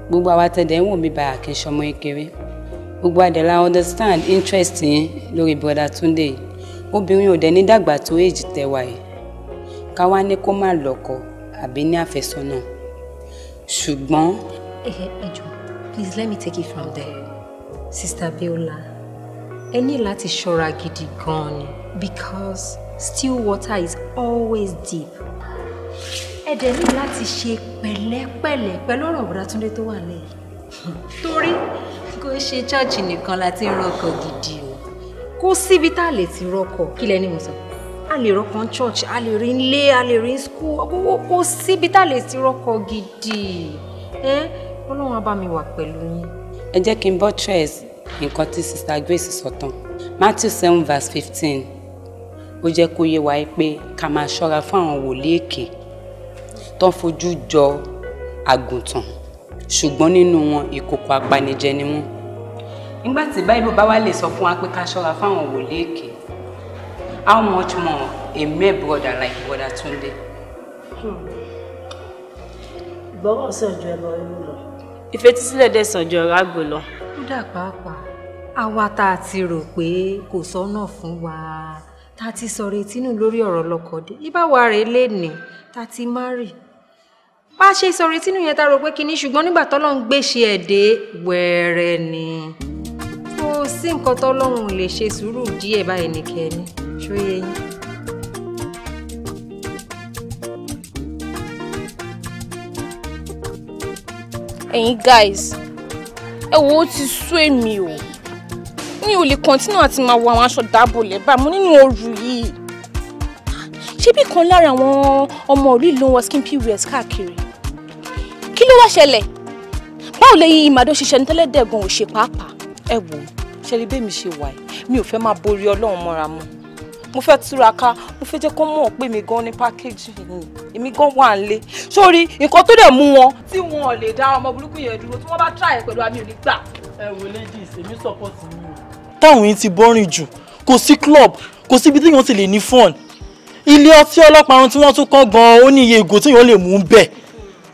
gbogbo àwa tẹ̀dẹ̀ ń wò mí báyà kí n ṣọmọ kékeré gbogbo àdẹ̀lá understand interest yín lórí bọ́dá Túndé yìí obìnrin ò dẹ̀ ní dàgbà tó èjì tẹwa yìí ká wá ní kó má lọ́kọ àbí ní àfẹ́sọ́nà ṣùgbọ́n. Eh, eh, ẹ ẹ jọ please let me take it from there sister Biola ẹ ní láti ṣọ́ra gidi gan-an ni because still water is always deep. ẹ dẹ̀ ní láti ṣe pẹ̀lẹ́pẹ̀lẹ́ pẹ̀lú ọ̀rọ̀ Bùrátúndé tó wà lẹ́yìn torí kó ṣe ṣọ́ọ̀ṣì nìkan la ti ń rọkọ̀ gidi o kó síbi tá a lè ti rọkọ̀ kí lẹ́ni mo sọ a lè rọkọ̀ ní church a lè rí nílé a lè rí school gbogbo kó síbi tá a lè ti rọkọ̀ gidi ẹ ọlọ́run á bá mi wà pẹ̀lú yín. ẹ jẹ́ kí n bọ́ tress nǹkan tí sister Grace sọ tán Matthew seven verse fifteen ó jẹ́ kó yé wa pé ká máa ṣọ́ra fún àwọn wòlíì èké tó ń fojú jọ àgùntàn ṣùgbọ́n nínú wọn ìkòkò apanijẹ ni wọ́n nígbà tí báyìí bá wá lè sọ fún wa pé ká ṣọ́ra fún àwọn wòlíì èké how much more a mere brother like brother Tunde. ìgbọ́ràn sànjọ ẹ̀rọ inú lọ. ìfetísílẹ̀ dẹ̀ sànjọ ọ̀rọ̀ àgbò lọ. ó dà pàápàá àwa tá a ti rò pé kò sọ́nà fún wa ta ti sọ̀rọ̀ ìtinú lórí ọ̀rọ̀ lọ́kọ̀dé ìbáwa rẹ̀ lè ní ta ti má rì bá a ṣe sọ̀rọ̀ ìtinú yẹn ta rò pé kinní ṣùgbọ́n nígbà tọ́lọ́run gbèsè ẹ̀ dé ni kò sí nǹkan tọ́lọ́run lè ṣe sùúrù díẹ̀ báyìí nìkẹ́ni ṣóyẹ yín. ẹ̀yin guys ẹ wo ó ti sú èmi o mi ò lè kọ́ńtínú àti máa wọ àwọn aṣọ dábòlẹ̀ bá mo nínú ooru yìí ṣebí kan lára àwọn ọmọ ìlú ìlú wọn skin pos káàkiri kí ló wá ṣẹlẹ̀ báwo lè yí ìmàdó ṣiṣẹ́ ní tẹ́lẹ̀dẹ́gun ò ṣe pàápàá. ẹ wò ṣe rí mi ṣe wà yìí mi ò fẹ́ máa borí ọlọ́run mọ́ra mọ́ mo fẹ́ túraká mo fẹ́ jẹ́ kó mọ̀ pé mi gan ní pákéjì èmi gan wà ń lé sórí nǹkan tó dẹ̀ mú wọn. tí wọn ò lè dá ọmọ burúkú yẹn dúró tí wọ́n bá tíráyẹ̀ pẹ̀lú àmì ò ní gbà. ẹ wò ladies èmi support mi táwọn yìí ti bọ́rìn jù kò sí club kò síbi tí èèyàn ti lè ní fún ilé ọtí ọlọ́parun tí wọ́n tún kọ́ gan ó ní iye ìgò tí èèyàn lè mú bẹ̀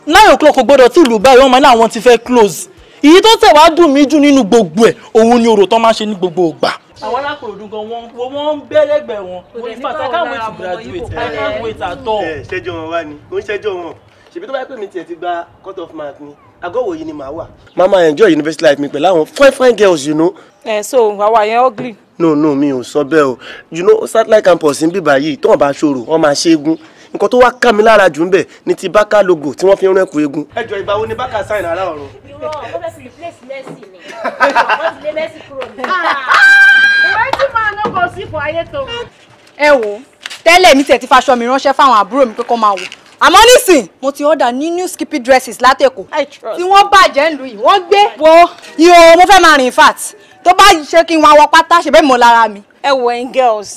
nine o'clock kò gbọ́dọ̀ tí ìlú báyìí wọ́n máa ní àwọn ti fẹ́ close èyí tó tẹ̀ wá dùn mí jù nínú gbogbo ẹ̀ òun ni ọ̀rọ̀ tó máa ṣe ní gbogbo ìgbà àwọn alákòròdú gan wọn wọn ń bẹ́lẹ́gbẹ̀ wọn in fact I can't wait to graduate I can't wait at all. ṣẹjọ wọn wá ni ó ń ṣẹjọ wọn ṣèbí tó bá yẹ pé mi ti gba cut off mark ni agọ́wò yìí ni màá wà. mama enjoy university life mi pẹ̀lú àwọn fine fine girls you know. ẹ eh, so àwa yẹn ugly. no no mi ò sọ bẹ́ẹ̀ o you know satellite campus ń bíbá yìí tó wọn bá ṣòro wọn máa ṣe é gún nǹkan tó wá ká mi lára jù ń bẹ̀ ni ti bákà logo tí wọ́n fi ń rẹ́kù eegun. ẹ jọ ìbáwo ni bákà sáyìn ara ọ̀run. irọ́ ó fẹ́ fi replace Messi ni (laughs) wọ́n ti lé Messi kúrò ní. ìwé tí màá ná kò sí fún ayé tó. ẹ wo tẹ́lẹ̀ mi tẹ̀ ti faṣọ mi ránṣẹ́ fáwọn àbúrò mi pé kó máa wò àmọ́ nísìn mo ti order ní new skippy dresses látẹ̀kọ̀ tí wọ́n bàjẹ́ ń lu yìí wọ́n gbé wo yóò mo fẹ́ máa rìn fat tó bá ṣe kí n wá wọ pátá ṣe bẹ́ẹ̀ mọ́ lára mi. ẹ wọ ẹyin girls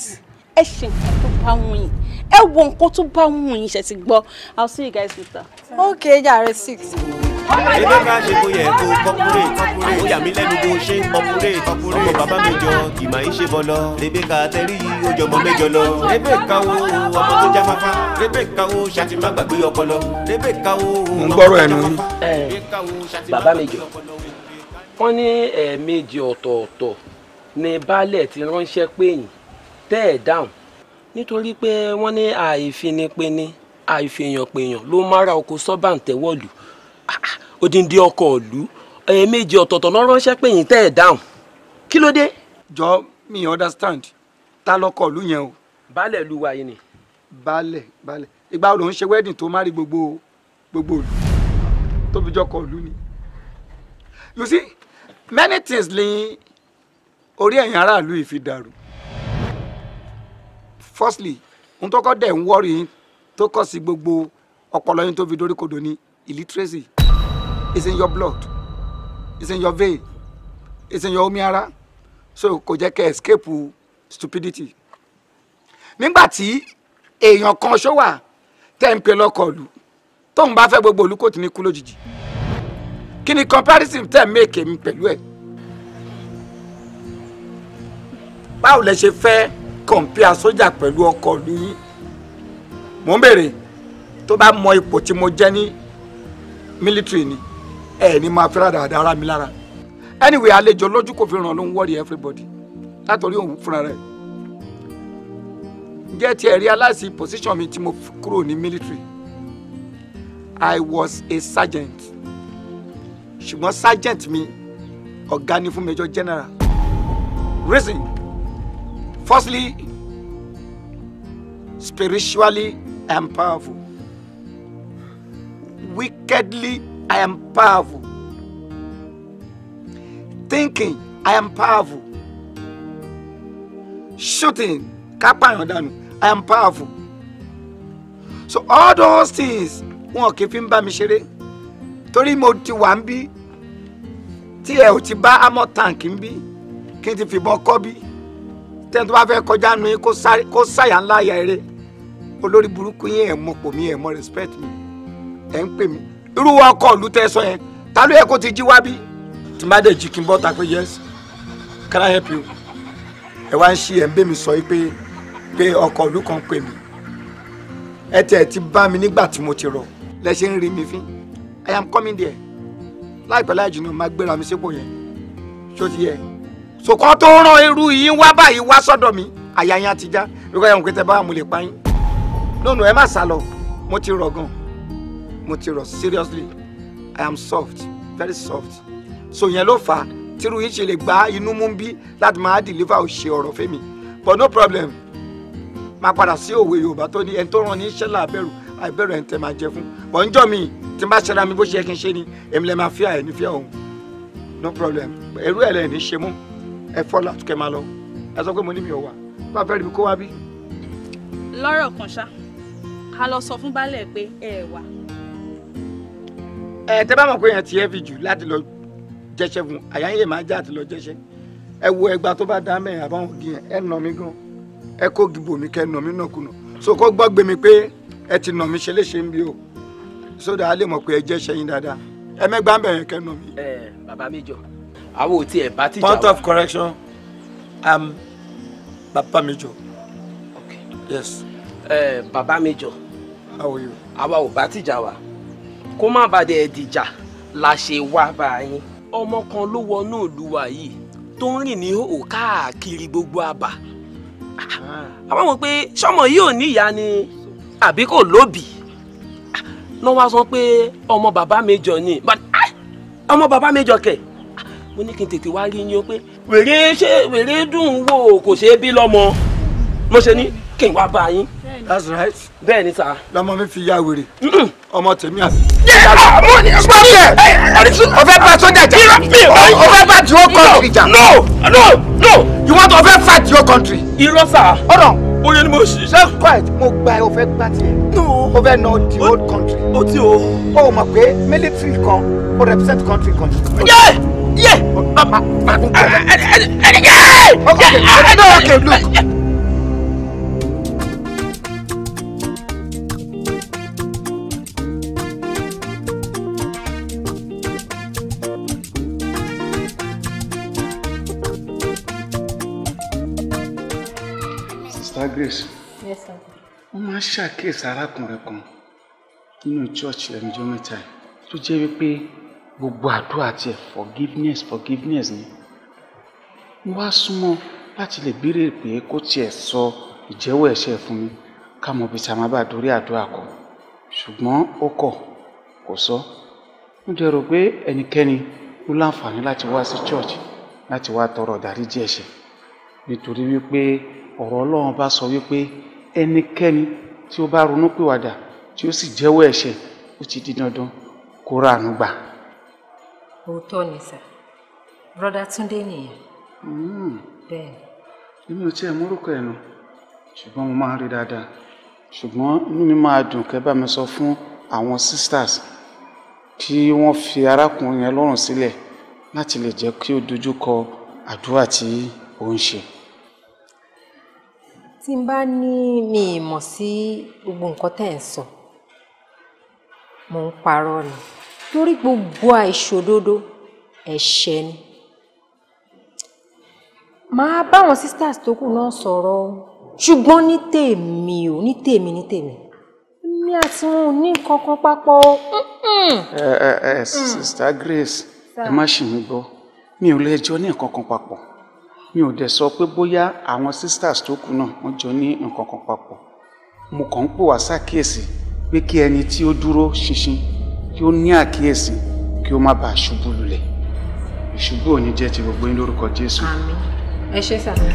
ẹ ṣe nǹkan tó bá wọn yìí ẹ wo nǹkan tó bá wù yín ṣe ti gbọ́ i'll see you guys later. okay jàre six. ilé máa ṣe bóyá ẹ̀kọ́ kọ́kúrẹ́ kọ́kúrẹ́ ó yà mí lẹ́nu bó ṣe ń kọ́kúrẹ́ kọ́kúrẹ́ ọmọ bàbá mi jọ ìmọ̀ yín ṣe bọ́lọ́ Rebecca tẹ́rí ó jọ ọmọ mẹ́jọ lọ. Rebecca o ọmọ tó já fáfá Rebecca o ṣàti má gbàgbé ọpọlọ Rebecca o ọmọ tó já fáfá. bàbá mi jọ wọ́n ní ẹ̀ẹ̀mejì ọ̀tọ̀ọ̀tọ̀ ni baálẹ̀ ti ránṣẹ́ pé yín tẹ́ ẹ̀ dáhùn nítorí pé wọ́n ní àìfinipinni àìfihànpèyàn ló mára oko sọ́bàǹtẹ́wọ̀lù ah, odindi ọkọ̀ ìlú ẹ̀ẹ̀mejì ọ̀tọ̀ọ̀tọ̀ náà ránṣẹ́ pé yín tẹ́ ẹ̀ dáhùn kí ló dé. jọ mi understand ta lọkọ ìlú yẹn o. baálẹ̀ ìlú wa yìí ni. baálẹ̀ baálẹ̀ ìgbà wo ló ń ṣe wedding tó má rí gbogbo gbogbo ìlú tó fi jọkọ̀ ìlú ni. you see many things ni orí ẹ̀yin aráàlú yìí fi dàrú firstly n tó kọ́ dẹ̀ ń wọ́ọ̀rì yín tó kọ́ sí gbogbo ọpọlọ yín tó fi dorí kodò ní illiteracy it's in your blood is in your vein is in your omi ara so kò jẹ́ kẹ́ escape stupidity nígbà tí èèyàn kan ṣó wà tẹ́ ń pe lọ́kọ̀ lù tóun bá fẹ́ gbogbo òlú kò tí ní kú lójijì kí ni comparison tẹ́ ń mèkè mi pẹ̀lú ẹ̀ báwo lẹ ṣe fẹ́ kọ̀ǹpìà sójà pẹ̀lú ọkọ nìyí mò ń bèrè tó bá mọ ipò tí mo jẹ́ ní mílítírì ni ẹ ní máa fẹ́ rádàdà ara mi lára anyway àlejò lójú kò fi ràn ló ń wọ́ọ̀rì everybody látọ̀rí òun fúnra rẹ̀ get here realize position mi tí mo kúrò ní military i was a sergeant ṣùgbọ́n sergeant mi ọ̀gá ni fún major general reason Firstly, spiritually, I am powerful. Wickedly, I am powerful. Thinking, I am powerful. Shooting, kápáyàn dànù, I am powerful. So all those things, wọn kì í fi ń bá mi ṣeré. Torí mo ti wà ń bí, tí ẹ ti bá amọ̀ tank ń bí, kí n ti fìbọn kọ́ tẹ́ni tó bá fẹ́ kọjá nu yín kó ṣàyà ńlá ya eré olórí burúkú yín ẹ̀ mọ pò mí ẹ̀ mọ respect mi ẹ̀ ń pè mí irú ọkọ̀ ìlú tẹ́ sọ yẹn ta ló yẹ kó ti jí wá bí tí má dé jí kí n bọ́ ta pé yes can I help you ẹ wá ń ṣe ẹ̀ ń bẹ́ mi sọ pé pé ọkọ̀ ìlú kan pè mí ẹ tẹ̀ ti bá mi nígbà tí mo ti rọ̀ lẹ ṣe ń rí mi fín I am coming there láìpẹ́ láì jìnnà máa gbéra mi sípò yẹn ṣó ti yẹ sòkò tó rán irú yìí wá báyìí wá sọ́dọ̀ mi àyà yẹn àtijá lóko ẹ̀hún pété báwa mo lè pa yín lónà ẹ má sá lọ mo ti rọ̀ gan mo ti rọ̀ seriously i am soft very soft so yẹn ló fà á tírú yìí ṣe lè gba inú mú bí láti máa deliver ò ṣe ọ̀rọ̀ fẹ́mi but no problem máa padà sí òwe yorùbá tó ní ẹni tó rán ní iṣẹ́ làbẹ̀rù àìbẹ̀rù ẹni tẹ̀ máa jẹ fún but ń jọ mi tí n bá ṣẹra mi bó ṣe yẹ kí n ṣe ni èmi lè máa fi àyè ní fi ọ̀hún no problem ẹrú ẹ̀ lẹ́yìn ní ṣe mú ẹ fọlá kẹ máa lọ ẹ sọ pé mo ní mi ò wà bá a fẹ́ rí mi kó wá bí. lọ́rọ̀ kan ṣá a lọ sọ fún baálẹ̀ pé ẹ wà. ẹ tẹ́ bá mọ̀ pé yẹn ti ẹ́ fi jù láti lọ jẹ́ṣẹ́ fún àyà yẹn máa já àti lọ jẹ́ṣẹ́ ẹ wo ẹgbà tó bá dá mẹ́rin àbáwọn ògì yẹn ẹ nà mí gan ẹ kó gbìbò mi kẹ nà mí nà kùnà so kó gbọ́ gbé mi pé ẹ ti nà mí ṣe léṣe ń bí o sódà á lè mọ̀ pé ẹ jẹ́ṣẹ́ yín dáadáa ẹ mẹ́gbàá bẹ̀rẹ̀ kẹ nà mí. ẹ bàbá mi jọ àwọn ò tí ẹ̀ bá tíjà wa. point of correction am baba major. okay yes. ẹ uh, baba major. how are you. àwa ò bá tíjà wa kó má bàa dẹ̀ dìjà la ṣe wá bá yín. ọmọ kan ló wọnú ìlú wa yìí tó ń rìn ní hò káàkiri gbogbo àbà ah. àwọn mọ̀ pé sọmọ yìí ò ní ìyá ni àbí kò lóbì lọ́wọ́ sọ pé ọmọ bàbá major ni ah, ọmọ bàbá major kẹ̀ mo ní kí n tètè wá rí yín o pé wèrè ṣe wèrè dùn wò kò ṣe é bí lọ́mọ mo ṣe ní kí n wá bá yín. that's right. bẹ́ẹ̀ ni sà. lọ́mọ mi fi ya wèrè. ọmọ tèmi àbí. Ah, mo ní sọ́ọ̀kẹ̀ ọ̀fẹ́ bá sójà jà ọ̀fẹ́ bá ti wọ́n jà. no no no. you want ọ̀fẹ́ fight your country. irọ́ sà. hold on bóyá ni mo ṣiṣẹ́. quiet mo gba ẹ o fẹ́ gbá tiẹ̀. o fẹ́ nọ the old country. o ti o. o mọ̀ pé military kan o represent country kan. Yeah yẹ bàbá ẹnìkẹ́ ẹnìkẹ́ look. Sister eh, eh. Grace. Yes, sir. Wọ́n máa ń ṣàkíyèsí arákùnrin kan nínú church ẹnìjọ́ mẹ́ta tó jẹ́ wípé gbogbo àdúrà tiẹ̀ forgiveness forgiveness ni mo wá súnmọ́ láti lè béèrè pé kó tiẹ̀ sọ ìjẹ́wọ́ ẹ̀ṣẹ̀ fún mi ká mọ̀ bí sàmà bá dorí àdúrà kọ ṣùgbọ́n ó kọ̀ kò sọ mo jẹ́ pé ẹnikẹ́ni ló láǹfààní láti wá sí church láti wá tọrọ ìdáríjì ẹ̀ṣẹ̀ nítorí wípé ọ̀rọ̀ Ọlọ́run bá sọ wípé ẹnikẹ́ni tí ó bá ronú pìwàdà tí ó sì jẹ́wọ́ ẹ̀ṣẹ̀ ó ti di dandan kó ránu gbà òótọ́ ni sà broda Túndé nìyẹn. Hmm. bẹ́ẹ̀ ni. èmi ò tiẹ̀ múrùkọ ẹ̀ nù ṣùgbọ́n mo máa ń rí dáadáa ṣùgbọ́n inú mi máa dùn kẹ́ bá mi sọ fún àwọn sisters kí wọ́n fi arákùnrin yẹn lọ́rùn sílẹ̀ láti lè jẹ́ kí ó dojú kọ àdúrà tí o ń ṣe. tí n bá ní mi ì sí gbogbo nǹkan tẹ́ ẹ̀ ń sọ mò ń parọ́ ni torí gbogbo àìṣòdodo ẹ̀ṣẹ̀ ni màá báwọn sisters tó kù náà sọ̀rọ̀ ṣùgbọ́n ní tèmi ò ní tèmi ní tèmi èmi àti wọn ò ní nǹkan kan papọ̀. ẹ ẹ ẹ mm. sista Grace ẹ má ṣì mí gbọ́ mi ò lẹ́jọ́ ní nǹkan kan papọ̀ mi ò dẹ̀ sọ pé bóyá àwọn sisters tó kù náà wọ́n jọ ní nǹkan kan papọ̀ mo kàn ń pò wá ṣàkíyèsí pé kí ẹni tí ó dúró ṣinṣin kí ó ní àkíyèsí kí ó má bàa ṣubú lulẹ̀ ìṣubú ò ní jẹ́ ti gbogbo yín lórúkọ Jésù. ẹ ṣé sàmì.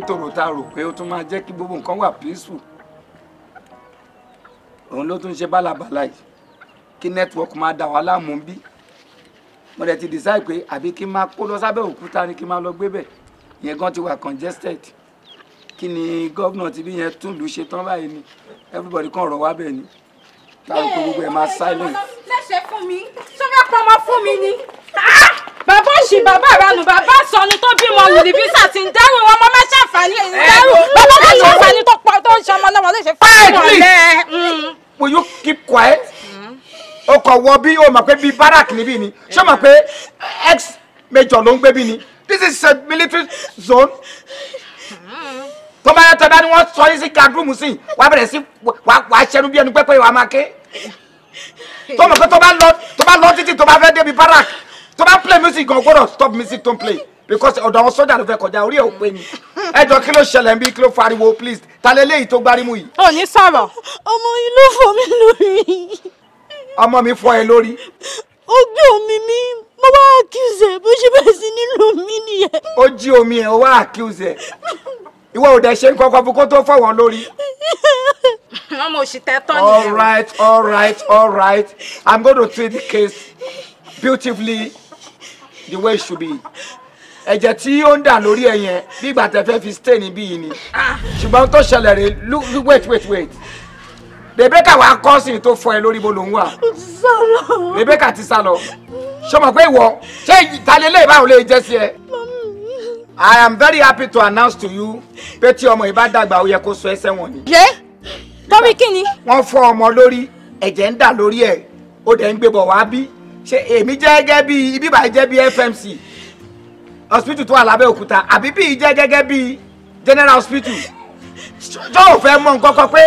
ayétòrò tá a rò pé ó tún máa jẹ́ kí gbogbo nǹkan wà peaceful òun ló tún ṣe bálabàla yìí kí network máa dà wá láàmú bí mo dẹ̀ ti decide pé àbí kí n máa kó lọ sábẹ́ òkúta ni kí n máa lọ gbé bẹ̀ gan ti wà congested kí ni gómìnà tibí yẹn tún lù ṣe tán báyìí ni everybody kàn rọ̀ wá bẹ̀ ni táwọn gbogbo ẹ̀ máa silent. lẹ́sẹ̀ fún mi sọ́fẹ́ pọ́nmọ́ fún mi ni. Ah! bàbá òsì bàbá ìranù bàbá sọnù tó bímọ lùdìbísà ti ń dẹrù wọn mọ máa ṣàǹfààní ń dẹrù bàbá máa ṣàǹfààní tó pọ tó ń ṣe ọmọ lọ́wọ́ léṣe fún ọ̀lẹ́. Mm. will you keep quiet? Mm. o kò wọ bí o mọ̀ pé bíi barak níbí ni ṣé o mọ̀ pé ex major ló ń gbé bí ni this is a military zone mm. tó bá yẹ tó bá ní wọ́n sọ yín sí kadrúmù sí wàá bẹ̀rẹ̀ sí wàá ṣẹnu bí ẹnu pẹ́pẹ́ wàá máa ké tó mọ̀ pé tó bá lọ títí tó bá fẹ́ débi barak tó bá play music gan gbọ́dọ̀ stop music tó ń play because ọ̀dọ̀ àwọn sọ́jà ló fẹ́ kọjá orí ẹ̀ ò pé ni ẹ jọ kí ló ṣẹlẹ̀ ń bí kí ló fariwo please ta lè léyìí tó gbárí mú yìí. ò ní sọ̀rọ̀. ọmọ yìí ló fọ́ mi lórí. ọmọ mi fọ́ ẹ lórí. ó gbé omi mi mo wá àkíyèsè bó ṣe bẹ̀rẹ̀ sí nílùú mi nìyẹn. ó jí omi ẹ̀ ó wá àkíyèsè ìwọ ò dẹ̀ ṣe ń kọ́kọ́ fún kó tó fọ̀wọ́n lórí. wọn mo sì tán nìyẹn. all right all right all right i'm going to treat the case beautifully the way it should be ẹ̀jẹ̀ tí ó ń dà lórí ẹ yẹn bí ìgbà tẹ́ fẹ́ fi stay níbí yìí ni ṣùgbọ́n tó ṣẹlẹ̀ rè look wait wait wait Rebecca wàá kọ́ sí tó fọ ẹ lórí bolo ń wà Rebecca ti sá lọ ṣọmọ pé ìwọ ṣé ìtalélẹ̀ ìbáwò lè jẹ́ sí ẹ. I am very happy to announce to you pé tí ọmọ ìbá dàgbà ó yẹ kó sọ ẹsẹ̀ wọn ni. ṣé tọ́bí kí ni. wọ́n fọ ọmọ lórí ẹ̀jẹ̀ ń dà lórí ẹ̀ ó dẹ̀ ń gbébọ̀ wá bí ṣé èmi jẹ́ gẹ́gẹ́ bí ibi báyìí jẹ́ bí FMC hospital tó wà lábẹ́ òkúta àbí bí jẹ́ gẹ́gẹ́ bí general hospital tó ò fẹ́ mọ nǹkan kan pé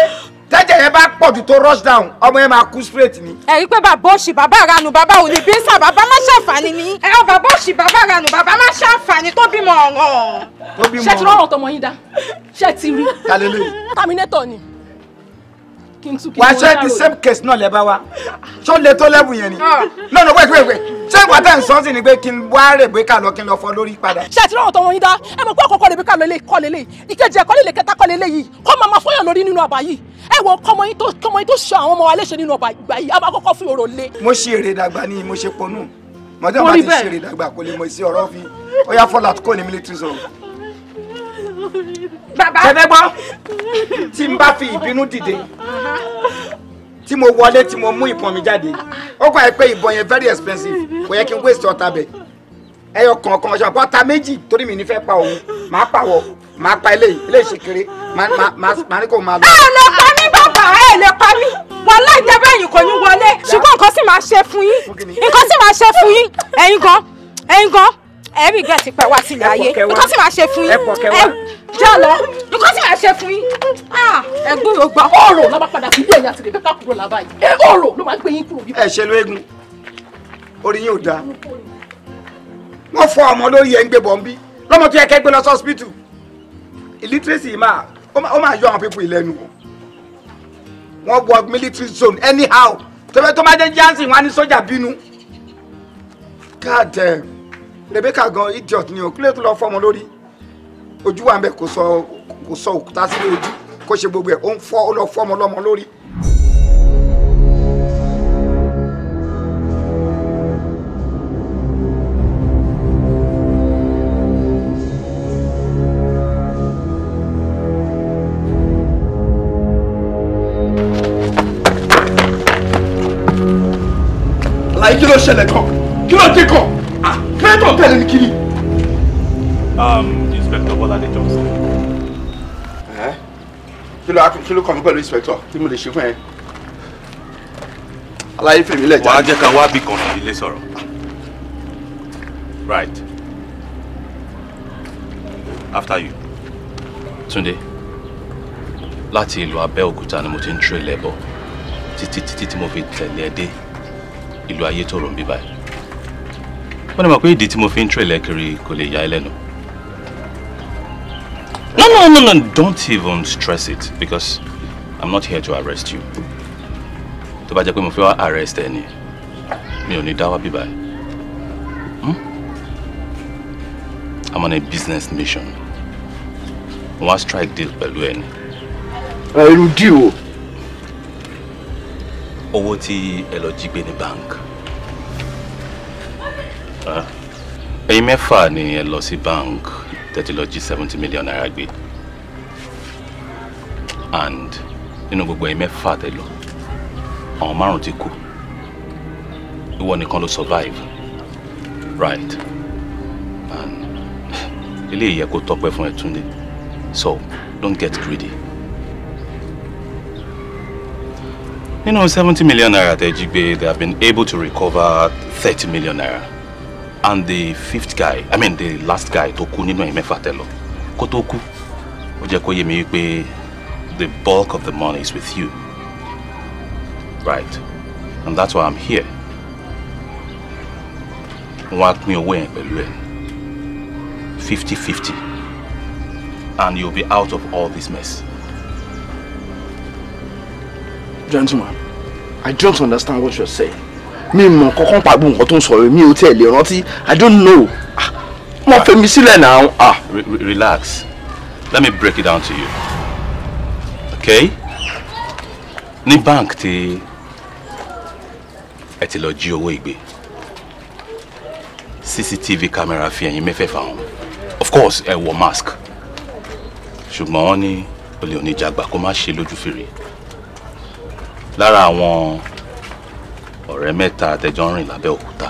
tẹ́jẹ̀ yẹn bá pọ̀ tó rush down ọmọ yẹn máa kú straight ni. ẹ̀yin pé bàbá òṣì bàbá ranù bàbá òní bí sà bàbá má ṣàǹfààní ni ẹ̀rọ bàbá òṣì bàbá ranù bàbá má ṣàǹfààní tó bímọ ọ̀ràn. ṣé ti rọrùn tọmọ yín dá ṣé ti rí. kálílẹ̀. terminator ni wàá ṣe the same case náà lẹ́bàá wa ṣó lè tó lẹ́bù yẹn ni ah. no no wait wait wait ṣé ìwà tẹ̀ ń sọ sí ni pé kí n wá rèbékà lọ kí n lọ fọ lórí padà. ṣé àti lọ́wọ́ tọmọ yín dá ẹ mọ̀ pé ọkọ̀ rèbékà lọ ilé kọ́ lélẹ̀ ìkejì ẹ̀kọ́ lélẹ̀ kẹta kọ́ lélẹ̀ yìí kọ́ máa máa fọyàn lórí nínú àbá yìí ẹ wọ kọ́mọ yín tó kọ́mọ yín tó ṣe àwọn ọmọ wa léṣe nínú ọgbà yìí a máa kọ́kọ́ fi ọ̀rọ̀ lé. mo ṣe èrè dàgbà ni mo ṣe ponú mọ̀ bàbá ṣẹfẹ gbọ́ tí n bá fi ìbínú dìde tí mo wọlé tí mo mú ìbọn mi jáde ó kọ́ ẹ pé ìbọn yẹn very expensive kò yẹ kí n waste ọ̀tá bẹ̀ ẹyọ kọ̀ọ̀kan ọ̀ṣọ́ àpò ọ̀tá méjì torí mi nífẹ̀ẹ́ pa òun pa pàwọ̀ màá pa eléyìí eléyìí ṣe kéré màá ní kó máa lọ. ẹ lè pa mí bàbá ẹ lè pa mí wọn láì jẹ bẹ́ẹ̀ yìí kò ní wọlé ṣùgbọ́n nǹkan sì máa ṣe fún yín nǹkan sì máa ṣe fún yín ẹ̀yin gan ẹ̀yin gan ẹ̀rí gẹ̀ẹ́sì pẹ̀ wá sílẹ̀ ayé nǹkan sì máa ṣe fún yín. ẹ pọ̀ kẹwàá já lọ nǹkan tí màá ṣe fún yín ah, ẹgbẹ́ ògbà ọ̀rọ̀ ló máa padà sí ilé ẹ̀yà tìrẹ̀bẹ̀ ká kúrò lábàá yìí ọ̀rọ̀ ló máa gbé yín kúrò. ẹ ṣe ló eégún orí yín ò dáa wọn fọ ọmọ lórí ẹ ń gbé bọ̀m̀bí lọ́mọ tó yẹ kẹ́ gbé lọ sí ọsibítù illiteracy máa ó máa yọ àwọn pípọ̀ ìlẹ́nu wọn wọ military zone anyhow tọ́bẹ̀ tó máa jẹ́ jansen wọn á ní sójà bínú God damn Rebecca gan idiot ni o kílẹ̀ tó lọ fọ́ ọmọ lórí ojú wa ń kò sọ òkúta sí ojú kó ṣe gbogbo ẹ̀ ó ń fọ́ ó lọ fọ́ ọmọ lọ́mọ lórí. ṣẹlẹ̀ kan. kí ló kàn mí pẹ̀lú inspector tí mo lè ṣe fún ẹ. aláyé fèmí lẹ̀ jáde. wàá jẹ́ ká wá bí kan ìdílé sọ̀rọ̀. right after you. Túndé láti ìlú Abẹ́òkúta ni mo ti ń tú ilẹ̀ bọ̀ títí títí tí mo fi tẹ̀lé ẹ dé ìlú ayétòrò ń bí báyìí. wọ́n ní mọ̀ pé ìdí tí mo fi ń tú ilẹ̀ kiri kò lè yà ẹ́ lẹ́nu. No, no, no, no, don't even stress it because I'm not here to arrest you. To bá jẹ́ pé mo fẹ́ wá arrest ẹ ni, mi ò ní dá wá bí báyìí. Hmm? I'm on a business mission. Mo wá strike deal pẹ̀lú ẹ ni. Irú díì o. Owó tí ẹ lọ jí gbé ní bank. Ah. Ẹ̀yin mẹ́fà ni ẹ lọ sí bank tẹ́tí lọ jí seventy million naira gbé and nínú gbogbo ẹ̀yin mẹ́fà tẹ́ lọ àwọn márùn ti kú ìwọ nìkan ló survive right and (laughs) eléyìí yẹ kó tọ́pẹ́ fún Ẹ̀túndé so don't get greedy. nínú seventy million naira tẹ́ jí gbé they have been able to recover thirty million naira and the fifth guy i mean the last guy tó kú nínú ẹ̀yin mẹ́fà tẹ́ lọ kó tó kú ó jẹ́ kó yé mi wípé the bulk of the money is with you right and that's why i'm here wọ́n á pín owó yẹn pẹ̀lú ẹ̀ fifty fifty and you'll be out of all this mess. Gentlemen, I don't understand what you're saying mi mọ̀ kankan pàgbó nǹkan tó ń sọ̀rọ̀ mi ò tiẹ̀ lè rántí i don't know ah, mo ah. fẹ́ mi sílẹ̀ náà. ah relax let me break it down to you okay ní bank tí ẹ ti lọ jí owó ìgbé cctv camera fi ẹ̀yin mẹ́fẹ̀ẹ̀fà hàn of course ẹ wọ mask ṣùgbọ́n wọ́n ní olè oníjàgbà kó má ṣe lójú fèrè lára àwọn ọ̀rẹ́ mẹ́ta àtẹjọ́ ń rìn lábẹ́ òkúta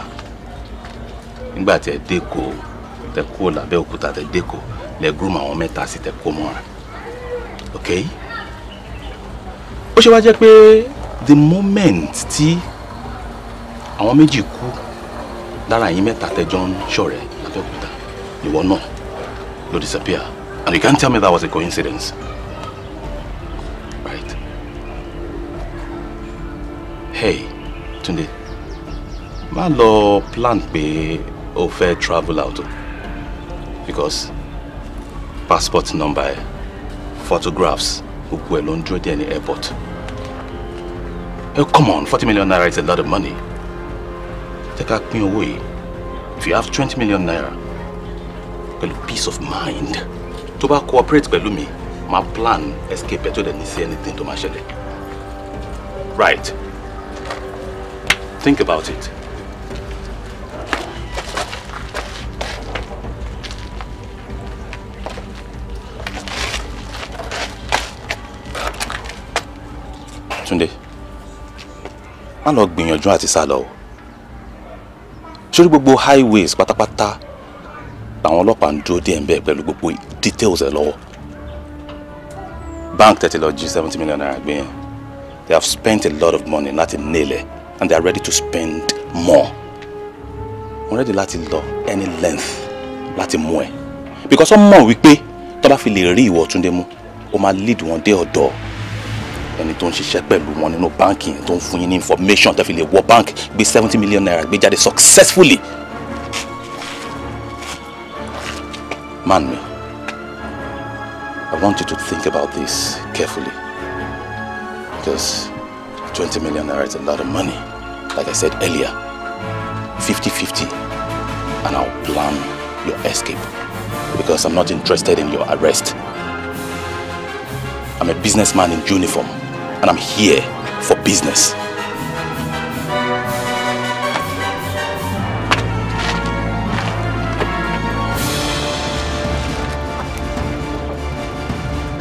nígbà tí ẹ dẹ́kọ̀ tẹ kó lábẹ́ òkúta tẹ dẹ́kọ̀ lẹ gúrùm àwọn mẹ́ta sì tẹ kó mọ́ra ok ó ṣe wá jẹ́ pé the moment tí àwọn méjì kú lára yín mẹ́ta tẹjọ́ ń ṣọ̀rẹ́ lábẹ́ òkúta ìwọ náà ló disappear and you can't tell me that was a coincidence. Hey. Túndé My lọ plan be o fair travel out because passport number photographs gbogbo ẹ ló ń dúró díẹ̀ ní airport. Oh, come on, 40 million naira is a lot of money. Take me away. If you have 20 million naira, pẹ̀lú peace of mind, To cooperate pẹ̀lú mi, My plan escape ẹ̀ tó dẹ̀ ní anything To my ṣẹlẹ̀. Right. Think about it. Túndé, má lọ gbìyànjú àti sá lọ o. Sórí gbogbo highways pátápátá làwọn ọlọ́pàá ń dúró díẹ̀ ń bẹ̀ pẹ̀lú gbogbo details ẹ̀ lọ́wọ́. Bank tẹ́tí lọ jí seventy million naira gbé They have spent a lot of money láti nail and they are ready to spend more mo ready láti lọ any length láti mú ẹ because wọ́n mọ̀ wípé tó bá fi lè rí ìwọ Túndé mú ó máa lead wọn dé ọ̀dọ̀ ẹni tó ń ṣiṣẹ́ pẹ̀lú wọn nínú báǹkì tó ń fún yín ní information tó fi lè wọ bank gbé seventy million naira gbé jáde successfully man mi I want you to think about this carefully because. 20 million naira is a lot of money. Like I said earlier, 50-50 and I'll plan your escape because I'm not interested in your arrest. I'm a businessman in uniform and I'm here for business.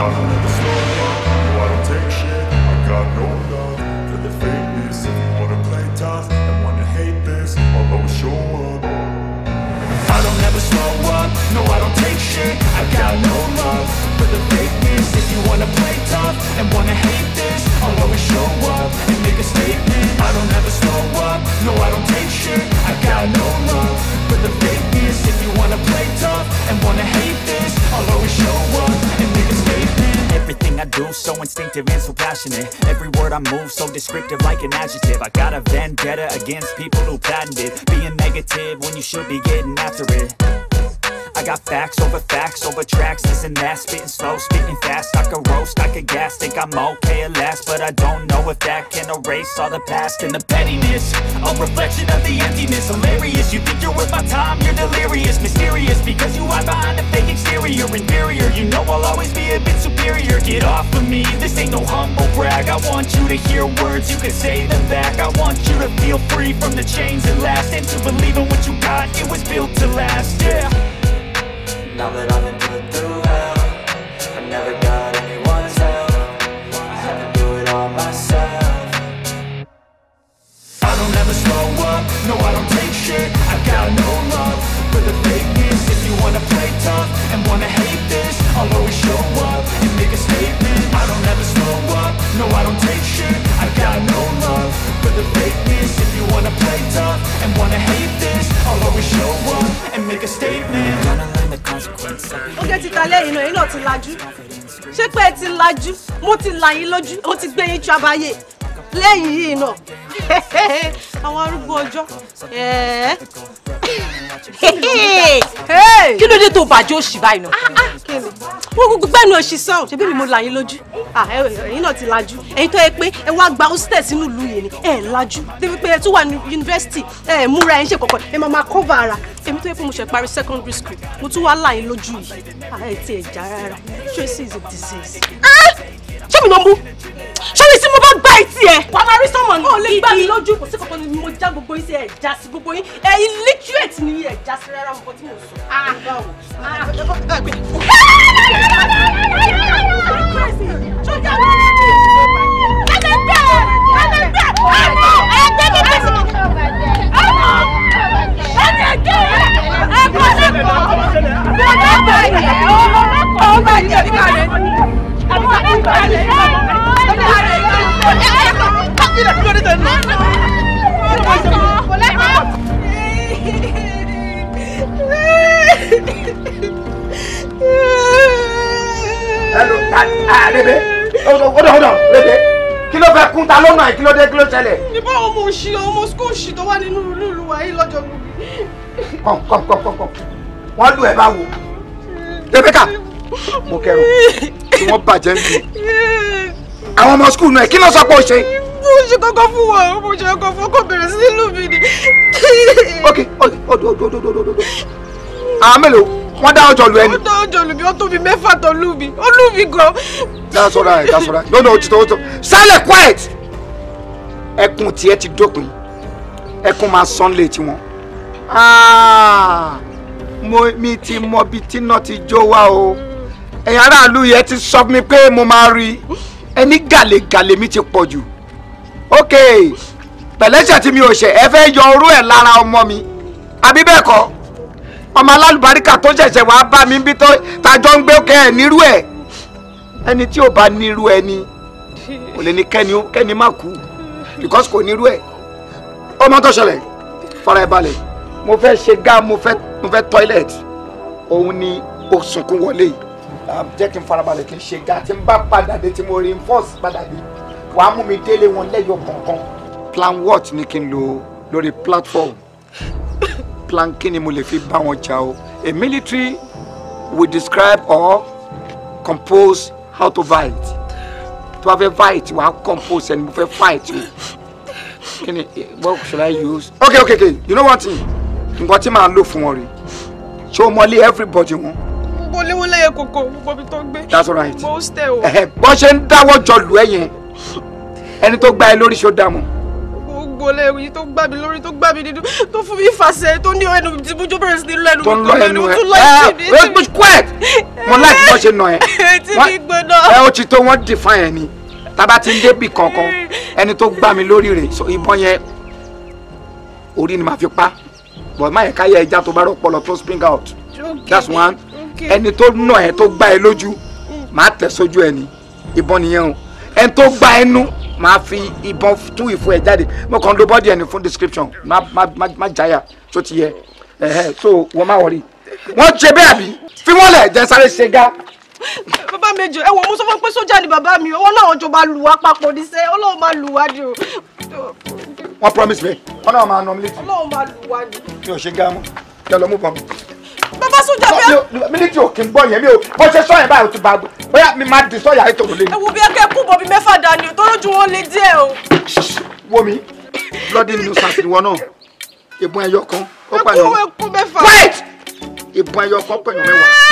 Oh. I got no love for the fakeness If you wanna play tough and wanna hate this I'll always show up and make a statement I don't ever slow up, no I don't take shit I got no love for the fakeness If you wanna play tough and wanna hate this I'll always show up and make a statement Everything I do so instinctive and so passionate Every word I move so descriptive like an adjective I got a vendetta against people who patented Being negative when you should be getting after it I got facts over facts over tracks, this and that Spitting slow, spitting fast, I could roast, I could gas Think I'm okay at last, but I don't know if that can erase all the past And the pettiness, a reflection of the emptiness Hilarious, you think you're worth my time, you're delirious Mysterious, because you hide behind a fake exterior Inferior, you know I'll always be a bit superior Get off of me, this ain't no humble brag I want you to hear words, you can say them back I want you to feel free from the chains that last And to believe in what you got, it was built to last, yeah now that I've been put through hell I never got anyone's help I had to do it all myself I don't ever slow up No, I don't take shit i got no love for the fakeness If you wanna play tough and wanna hate this I'll always show up and make a statement I don't ever slow up No, I don't take shit i got no love the fakeness If you wanna play tough and wanna hate this I'll always show up and make a statement Ó jẹ́ ti talẹ́ ìnà yìí náà ti lajú. Ṣé pé ẹ ti lajú? Mo ti là yín lójú, ó ti gbé yín trabayé lẹ́yìn yìí náà (laughs) àwọn arúgbó ọjọ́ (laughs) kí ló dé tó bàjẹ́ òṣì báyìí náà wọ́n ah, ah. gbogbo gbẹ́nu òṣì sọ ṣebí mi mo là yín lójú ah, ẹ̀yin náà ti lajú ẹ̀yin tó yẹ pé ẹ wá gba hostel sínú ìlú yìí ni ẹ̀ lajú débi pé ẹ tún wà ní yunifásitì ẹ̀ múra ẹ̀ ń ṣe kọ̀kọ̀ ẹ̀ máa máa cover ara èmi tó yẹ pé mo ṣe parí secondary school mo tún wá là yín lójú yìí ẹ̀ tiẹ̀ jà rárá tracy is a disease sómi náà mú sórí tí mo bá gbá etí ẹ. wàá máa rí sọmọ ní kí lè gbá mi lójú kò sí kankan ni mo já gbogbo yín sí ẹ já sí gbogbo yín ẹ illiterate ni ẹ já sí rárá mo tí mo sọ. Oh my god! Rebe, ah, hold on, hold on, Rebe. Kí ló fẹ́ kún ta lọ́nà mo kẹrù tí wọ́n bàjẹ́ ń bì àwọn ọmọ skul náà kí ló sọ pé ó ṣe. mo ṣe kọ́kọ́ fún wọn mo ṣe kọ́kọ́ fún ọkọ bẹ̀rẹ̀ sí nílùú mi ni. ok ok odo odo odo odo àwọn mélòó wọ́n dá ọjọ́ lu ẹni. wọ́n dá ọjọ́ lu mi wọ́n tó mi tó lù mí ó lù mí gan. that's all right that's all right no no ó ti tó ó ti tó silent quiet ẹkùn tiẹ̀ ti dópin ẹkùn máa sán lé tiwọn. Ah! mo mi ti mọ bí tí náà ti jó wá o ẹ̀yin aráàlú yẹn ti sọ mi pé mo máa rí ẹni gàlégàlé mi ti pọ̀ jù ok pẹ̀lẹ́sẹ̀ tí mi ò ṣe ẹ fẹ́ yọ orú ẹ̀ lára ọmọ mi àbí bẹ́ẹ̀ kọ́ ọmọ alálùbáríkà tó ṣẹ̀ṣẹ̀ wàá bá mi bí tó tajọ́ ń gbé kẹ́ ẹ̀ nírú ẹ̀ ẹni tí ò bá nírú ẹni kò lè ní kẹ́ni kẹ́ni má kú because kò nírú ẹ̀ ọmọ tó ṣẹlẹ̀ fara ẹ̀ balẹ̀ mo fẹ́ ṣe gá mo fẹ́ mo fẹ́ toilet òun ni ó sunkún wọlé yìí. Ah, jẹ́ kí n farabalẹ̀ kí n ṣe ga tí n bá padà tí mo reinforce padà dé wàá mú mi délé wọn lẹ́yọ kọ̀ọ̀kan. plan what ni kí n lò lórí platform plan kí ni mo lè fi bá wọn jà o a military will describe or compose how to fight To have a fight wàá compose ẹni mo fẹ́ fight o kí ni what should I use. okay okay okay you know one thing nǹkan tí màá lò fún wọn rè ṣé o mọ lé everybody wọn mo léwó lẹ́yẹ kòkó gbogbo ibi tó gbé. that's right. mo stẹ o. (laughs) bọ́n ṣe ń dáwọ́ jọ lù ẹ yẹn ẹni tó gba ẹ lórí ṣó dààmú. gbogbo lẹ́yìn tó gbà mí lórí tó gbà mí nínú tó fún mi fàṣẹ tó ní ẹnu tí mo jó bẹ̀rẹ̀ sí ní lẹ́nu. tó ń lọ ẹnu ẹ ẹ ẹ quiet mo láti bọ́ ṣe nà ẹ. (laughs) tí mi gbóná. ẹ ó ti tó wọ́n define ẹ ni tába ti ń débì kankan (laughs) ẹni tó gbà mí lórí rẹ̀ ìbọn yẹn orí ni màá fi pa bọ̀ máa yẹ ká yẹ ẹja tó bá rọpọlọ tó spring out that's one ẹni tó nà ẹ tó gbá ẹ lójú màá tẹ̀ sójú ẹni ìbọn nìyẹn o ẹni tó gbá ẹnu màá fi ìbọn tú ìfun ẹ jáde mo kàn ń lo bọ́dì ẹni fún description má má má jáyà tó ti yẹ ẹ̀hẹ́ so wọ́n má wọrí wọ́n ṣe bẹ́ẹ̀ bí fi wọ́n lẹ̀ jẹ́ sáré ṣe gá. bàbá mi jọ ẹ wò mo sọ fún pé sójà ni bàbá mi ọwọ́ náà jọ máa lù wá papọ̀ ní sẹ́ ọlọ́run máa lù wá ni o. wọ́n promise me ọlọ́run máa nọ mi létí. ọlọ́run máa lù wá ni. mi ò ṣe gá mọ́ yọ lọ mú mi sùn jàbí. mílítì òkè ń gbọ́ yẹn mi ò bó ṣe sọ yẹn báyìí ó ti bá gbọ́ bóyá mi máa di sọ́yà ètò òrùlé. ẹ wo bí akẹ́ kú bọ̀bí mẹ́fà dání o tọ́rọ ju wọn lé díẹ̀ o. wo mi bloody nuisance ni wọn náà ìbọn ẹyọ kan ó pààyàn. ẹ kú mẹ́fà. wait ìbọn ẹyọ kan pẹ̀lú mẹ́wàá.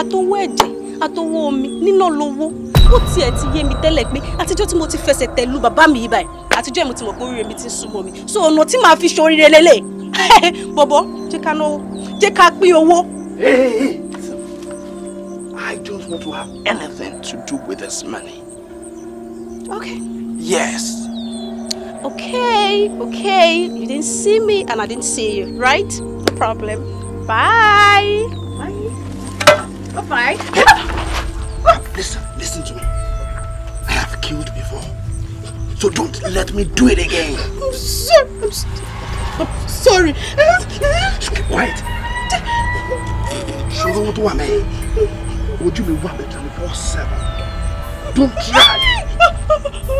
àtọwọ́ (laughs) ẹ̀jẹ̀ àtọwọ́ omi níná lówó ó tiẹ̀ ti yé mi tẹ́lẹ̀ pé àtijọ́ tí mo ti fẹsẹ̀ tẹ̀lú bàbá mi yìí báyìí àtijọ́ ẹ̀ mo ti mọ̀ pé oríire mi ti ń súnmọ́ mi so ọ̀nà tí màá fi ṣoríire lélẹ̀ (laughs) bọ̀bọ̀ jẹ́ ká náwó jẹ́ ká pín owó. I don't want to have anything to do with this money. Okay. Yes. Okay, okay. You didn't see me and I didn't see you, right? No problem. Bye bye listen, listen to me. I have killed before. So don't let me do it again. I'm sorry. I'm, so I'm sorry. Keep quiet. Show what you want Would you be whapped 24 7? Don't try.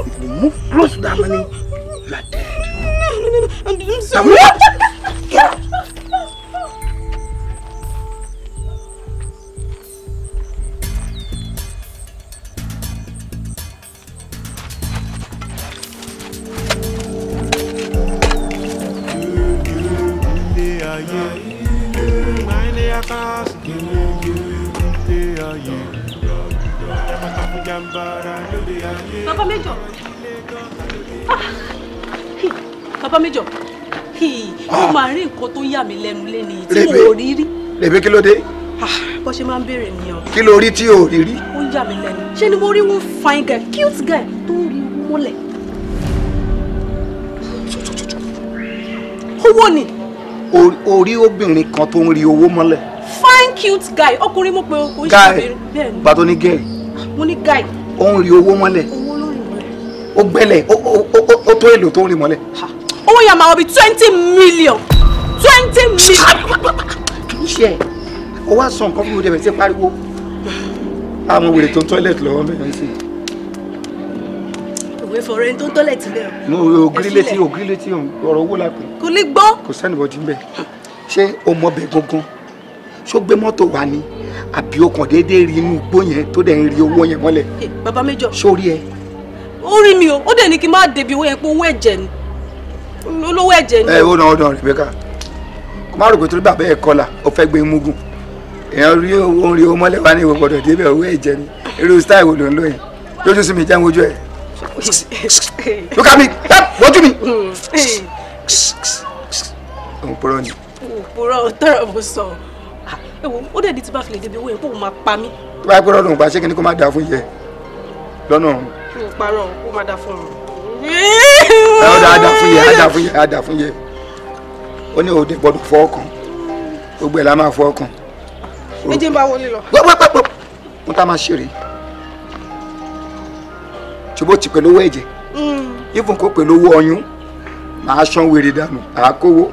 If you move close to that money, you are dead. No, no, no. I'm, I'm sorry. Get out. ayé máìlì akásí kìíní ilé ayé jàmbá jàmbára lórí ayé. bàbá méjọ bàbá méjọ mo máa rí nǹkan tó yà mí lẹ́nu lẹ́nu tí mo ò rí rí. rèbí kí ló dé. Ah, bó ṣe máa ń béèrè nìyẹn. kí ló rí tí o rí rí. ó yà mí lẹ́nu ṣé ni mo rí one fine guy cute guy tó ń rí mọ́lẹ̀. owó ni orí obìnrin kan tó ń rí owó mọ́lẹ̀. fine cute guy ọkùnrin mo pe o ṣe obìnrin bẹ́ẹ̀ ni. gbàtọ́ mo ní guy. ó ń rí owó mọ́lẹ̀. owó ló rìn mọ́lẹ̀. ó gbẹ́lẹ̀ ó tó èlò tó ń rí mọ́lẹ̀. owó yẹn máa wọ bíi twenty million twenty million. kì í ṣe ẹ̀ o wá sọ nǹkan fún mi o dẹ̀ bẹ̀ sí pariwo. àwọn wèrè tó ń tọ́lẹ̀tì lọ́wọ́ mẹ́rin sí i òwe fọ̀rọ̀ ẹni tó ń tọ́lẹ̀ tìlẹ̀ o. mo ògiri létí ògiri létí ọ̀rọ̀ owó la pè. kò ní gbọ́. kò sẹ́nìbọ̀dì ń bẹ̀ ṣé o mọ bẹ̀ gangan ṣó gbé mọ́tò wá ni àbí o kàn déédéé rí inú igbó yẹn tó dẹ̀ ń rí owó yẹn mọ́lẹ̀. Eh, bàbá méjọ sórí ẹ. ó rí mi o ó dẹ̀ ní kí n má débi owó yẹn pé owó ẹ̀jẹ̀ ni olówó ẹ̀jẹ̀ ni. ẹ ó nà ó nà Rebecca kò má rò pé torí bàbá ẹ kọlà ó fẹ́ gbé mugun èèyàn rí owó ń rí owó mọ́lẹ̀ wá ní ìwọ gbọ́dọ̀ débẹ̀ owó ẹ̀jẹ̀ ni irú style wo ló ń lò yẹn lójú sí mi jẹun ojú ẹ̀ look at me wojú mi. òun hmm. purọ́ ni. òpùrọ́ tọrọ mo sọ ewu ó dẹ̀ di tí bá fi lè débi owó yẹn kó o máa pa mí. tó bá yẹ pẹ́rọ́ lòun bá ṣé kí ni kó má dáa fún yẹ lọ́nà ọ̀hún. mi ò parọ́ kó má dáa fún ọ̀hún ẹ ọdọ ada fún yẹ ada fún yẹ ada fún yẹ ó ní òde gbọ́dọ̀ fọ ọkàn gbogbo ẹ la máa fọ ọkàn. méjì ń bá wọlé lọ. wọ́pọ̀pọ̀pọ̀ mo ta máa ṣeré ṣùgbọ́n ti pẹ̀lú owó ẹ̀jẹ̀ ìfún mm. kó pẹ̀lú owó ọyún màá san wèrè dànù àákówó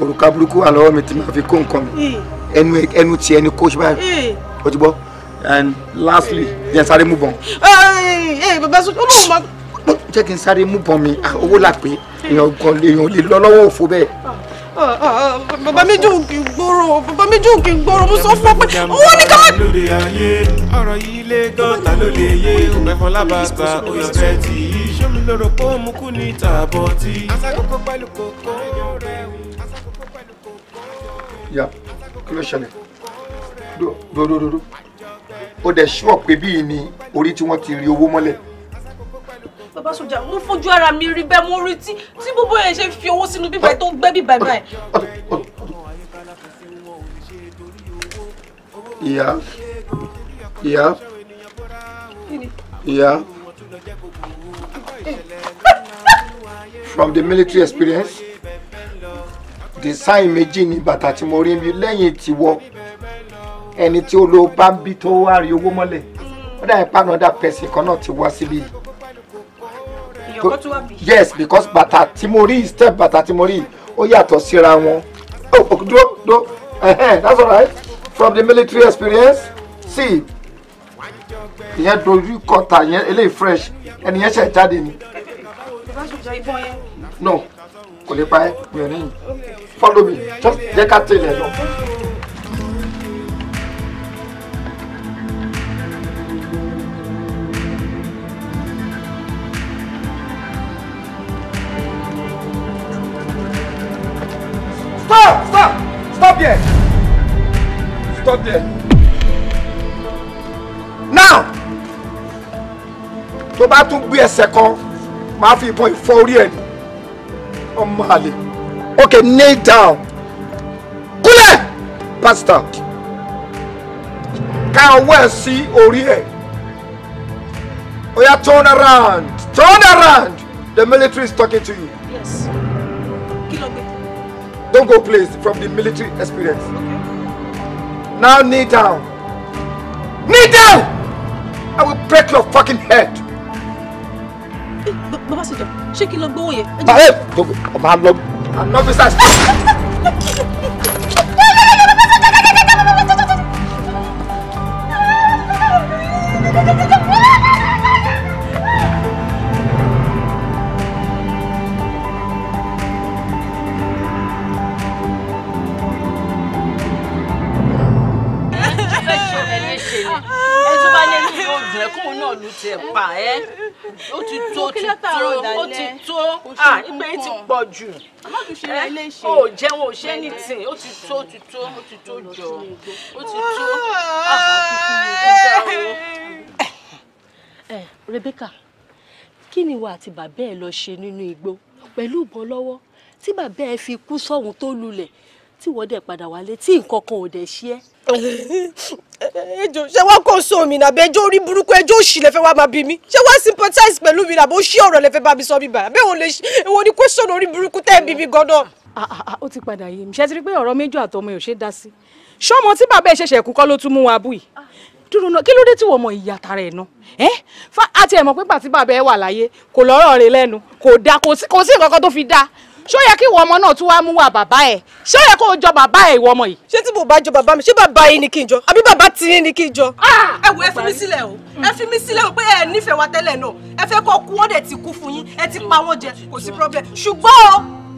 òrùka burúkú wà lọ́wọ́ mi tí màá fi kó nǹkan mi mm. ẹnu ẹnu ti ẹni kó ṣe báyìí o mm. ti gbọ́ and lastly jẹ́ sáré mú bọ̀n. bàbá sọ ọlọ́run máa. jẹ́ kí n sáré mú bọ̀n mi ah, owó là pé èèyàn lè lọ lọ́wọ́ òfo bẹ́ẹ̀ bàbá méjì ò kì í gbọ́rọ̀ bàbá méjì ò kì í gbọ́rọ̀ mo sọ fún ọ pé owó ní ká má. lóde ayé ọ̀rọ̀ yìí lé gọ́ta lóde yé ògbẹ́fọn lábàgbà òyọ̀bẹ tì í sómi lóró pé mú kú ní tààbọ̀ tí. asakoko pẹ̀lú kòkó rẹ̀ asakoko pẹ̀lú kòkó rẹ̀. ya kí ló ṣẹlẹ̀ dòdòdòdò ó dẹ̀ ṣúọ̀ pé bíi ni orí tí wọ́n ti rí owó mọ́lẹ̀ bàbá sọjà mo fojú ara mi rí bẹ́ẹ̀ mo rí tí tí gbogbo yẹn ṣe fi owó sínú bíbá tó ń gbẹ́ bíbá ẹ̀ ìyá ìyá ìyá from the military experience design méjì ni bàtà tí mo rí mi lẹ́yìn tiwọ́ ẹni tí ó lo bá ń bí tó wá rí owó mọ́lẹ̀ ó dà ẹ̀ pàánù ọ̀dà pẹ̀sì kan náà ti wá síbí yìí ọkọ yes because bàtà Timori mo rí step bàtà tí mo rí ó yàtọ̀ síra wọn oh, oh dúró dúró that's all right from the military experience see ìyẹn dojú kọta yẹn eléyìí fresh ẹni yẹn ṣe jáde ni. no kò lè pa ẹ gbìyànjú follow me just jẹ́ ká tẹ̀lé lọ. Stop! Stop! Stop there! Stop there! Now! Tó bá tún gbé ẹsẹ̀ kan, máa fi ìbọn ìfọ́ orí ẹ̀ ni. Ọmọ àlè. Okay, kneel down. Kúlẹ̀! Pass down. Ká ọwọ́ ẹ̀ sí orí ẹ̀. Oya turn around! Turn around! The military is talking to you. Yes. Don't go place from the military experience. Now knee down. Knee down! I will break your fucking head. Eh, Baba Sita, ṣé kí n lọ gbowó yẹn? Bàbá eh, ọmọ àlọ́ àná fi sá. Thank you. lù tiẹ̀ pa ẹ́ ó ti tó ó ti tó ó ti tó à ìgbẹ́ yìí ti pọ̀ jù ó jẹun ò ṣe ní tì ó ti tó ti tó ó ti tó jọ ó ti tó ah, ẹ Rebecca kí ni ìwà àti bàbá ẹ lọ ṣe nínú igbó pẹ̀lú ìbọn lọ́wọ́ tí bàbá ẹ fi kú sọ́hun tó lulẹ̀ tí wọ́n dẹ̀ padà wálé tí nǹkan kan ò dẹ̀ ṣe ẹ́. (laughs) ẹjọ eh, eh, ṣé wá kó so mi nàbẹ ẹjọ orí burúkú ẹjọ òṣì lẹfẹ wá máa bí mi ṣé wá sympathize pẹ̀lú mi nàbẹ òṣì ọ̀rọ̀ lẹfẹ bá mi sọ mi bàyà bẹ́ẹ̀ òun ni question orí burúkú tẹ́ ẹ bí mi gan-an. Ah, ah, ah, ó ti padà yé mi ṣe ti rí pé ọ̀rọ̀ méjì àtọmọ yóò ṣe dá sí ṣọmọ tí bàbá ẹ̀ ṣẹ̀ṣẹ̀ kú kọ́ ló tún mú wa bú yìí dúró náà kí ló dé tí wọ́n mọ ìyá tara ẹ̀ náà ẹ́ fa àti ẹ̀ mọ̀ pé pàtí bàbá ẹ̀ wà láyé kò lọ́rọ̀ rẹ̀ lẹ́nu kò dáa kò sí nǹkan kan tó fi dáa ṣó yẹ kí ìwọ ọmọ náà tún wá mú wá bàbá ẹ ṣó yẹ kó o jọ bàbá ẹ ìwọ ọmọ yìí. ṣé tí mo bá jọ bàbá mi ṣé bàbá yìí ni kí n jọ àbí bàbá tiyín ni kí n jọ. Ah, ẹ wo ẹ fi mí sílẹ̀ o mm. ẹ fi mí sílẹ̀ o pé ẹ nífẹ̀ẹ́ wa tẹ́lẹ̀ náà ẹ fẹ́ kó kú wọ́n dẹ̀ ti kú fún yín ẹ ti pa wọ́n jẹ kò sí problem ṣùgbọ́n o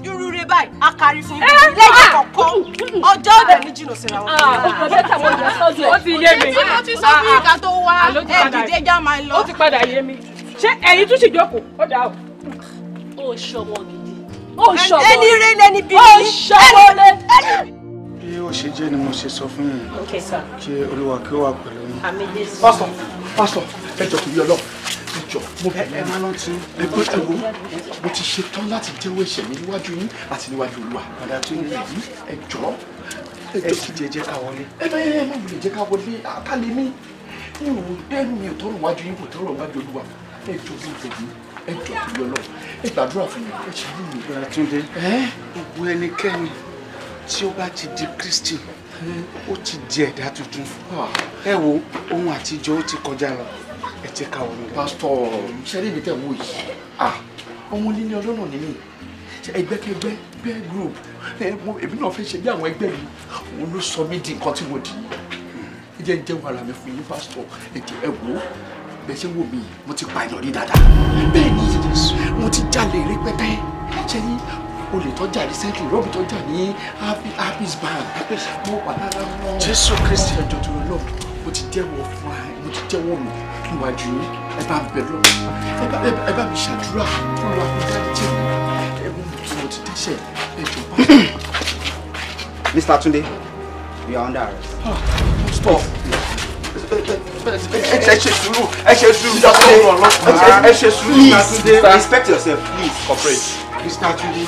irú rẹ báyìí a kárí fún yín eh, lẹ́yìn ah! kọ̀ọ̀kan ọjọ́ ọ̀dẹ̀ ní jìnnà síra wọn. Ah, ó ti yé mi ó ti sọ fún ìka tó wá ẹ̀ dìde já máa lọ. ó ti padà yé mi ṣé ẹ̀yin tún ṣì jókòó ó dà o. ó ṣọmọ gidi ó ṣọ̀bọ ẹni rẹ lẹni bí ó ṣọ̀bọ lẹ. bí ó ṣe jẹ́ ni mo ṣe sọ fún yín kí olúwa kí ó wà pẹ̀lú yín. pásọ pásọ ẹ jọ kò yọ lọ ẹ jọ mo bẹ ẹ máa rántí ẹ pé ẹ wo mo ti ṣe tán láti jẹ́wọ́ ẹ̀ṣẹ̀ mi níwájú yín àti níwájú olúwa padà tó yẹ yìí ẹ jọ ẹ sì jẹ jẹ ká wọlé. ẹ bẹ ẹ má wulẹ̀ jẹ ká wọlé àkàlẹ́ mi mi ò dẹ́nu mi ò tọrọ wájú yín kò tọrọ wájú olúwa ẹ jọ bí ìtẹ̀jú ẹ jọ tó lọ fún mi ẹ ṣàánú mi. Túndé gbogbo ẹnikẹ́ni tí ó bá ti di Christian ó ti di ẹ̀dá tuntun ah. ẹ wo ohun àtijọ́ ó ti kọjá lọ ẹ ti ka òun. pásítọ̀ ṣẹ́rí mi tẹ̀ wò yìí ah. ọmọ onílé ọlọ́nà ni ẹgbẹ́kẹgbẹ́ bẹ́ẹ̀ group èmi náà fẹ́ ṣe bí àwọn ẹgbẹ́ mi òun ló sọ mí di nǹkan tí mo dì í hmm. ẹ wàrà mi fún yín pásítọ̀ ẹ jẹ́ wò bẹ́ẹ̀ wò mí mo ti pa ìyọ̀rí dáadáa bẹ́ẹ̀ ni mo ti jalè rẹpẹtẹ ṣe ní olè tọ́jà recently rọ́bì tọ́jà ní Abis bank mo wà lára wọn. Jésù Kristi ẹjọ́ tó lọ lọ́wọ́ mo ti jẹ́wọ́ fún ẹ mo ti jẹ́wọ́ mi níwájú ẹ bá mi bẹ̀ ẹ bá mi ṣàdúrà fún wa fún dáàdì jẹ́ mi ẹ mo ti dẹ́ṣẹ̀ ẹ jọ bá. Mr. Tunde, you are under arrest. Ah, stop ẹ ṣe please respect yourself please corporate. Mr. Tunde ẹ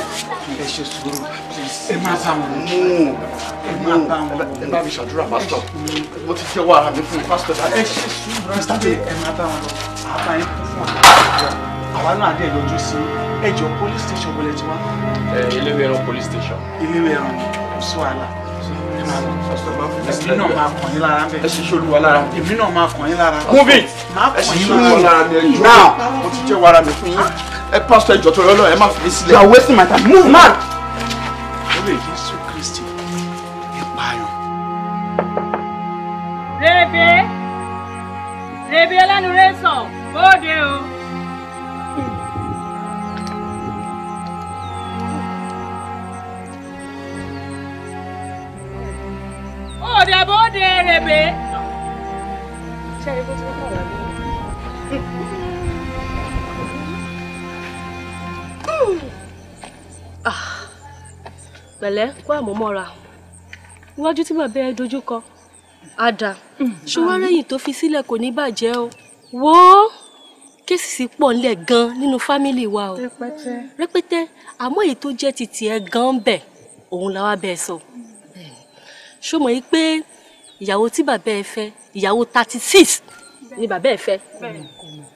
please police station wọlé tiwa. ẹ eh, iléwé ẹran police station. iléwé ẹran kò sí wàhálà èmi move it. máa you are wasting my time move man. Baby, baby, Kristi ìpààyàn. rebe rebe ẹlẹ́nu rẹ ọ̀dẹ̀ bóde rèébé. ṣé ẹ kó tí wọ́n kọ̀ wá bí. pẹ̀lẹ́ kó àmúmọ́ra iwájú tí bàbá ẹ dojú kọ ada ṣọwárẹ́yìn tó fi sílẹ̀ kò ní bàjẹ́ o wo kéṣìṣì pọ̀ ńlẹ̀ gan nínú fámìlì wa o rẹpẹtẹ àmọ́ èyí tó jẹ́ ti tiẹ̀ gan bẹ̀ òun làwa bẹ̀ sọ. So ṣó mọ̀ yìí pé ìyàwó tí bàbá ẹ fẹ́ ìyàwó thirty six ni bàbá ẹ fẹ́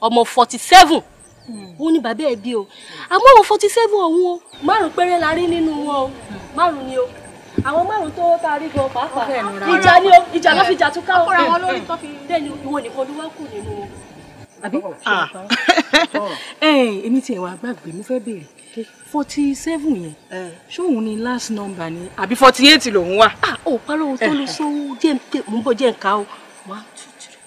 ọmọ forty seven òun ni bàbá ẹ bí o àmọ́ àwọn forty seven ọ̀hún o márùn péré la rí nínú wọn o márùn ni o àwọn márùn tó tá a rí gan pàápàá ìjà ni o ìjà ló fi jà tún ká o bẹ́ẹ̀ ni ìwọ nìkan ló wá kù nínú wọn. àbí ah. (laughs) èmi tiẹ̀ wá gbàgbé mo fẹ́ béèrè forty seven yẹn ṣóun ni last number ni àbí forty eight lòun wà. ah ò parọ́ tó ló eh, eh. sówó jẹ́ mú bọ́ jẹ́ nǹkan o one two three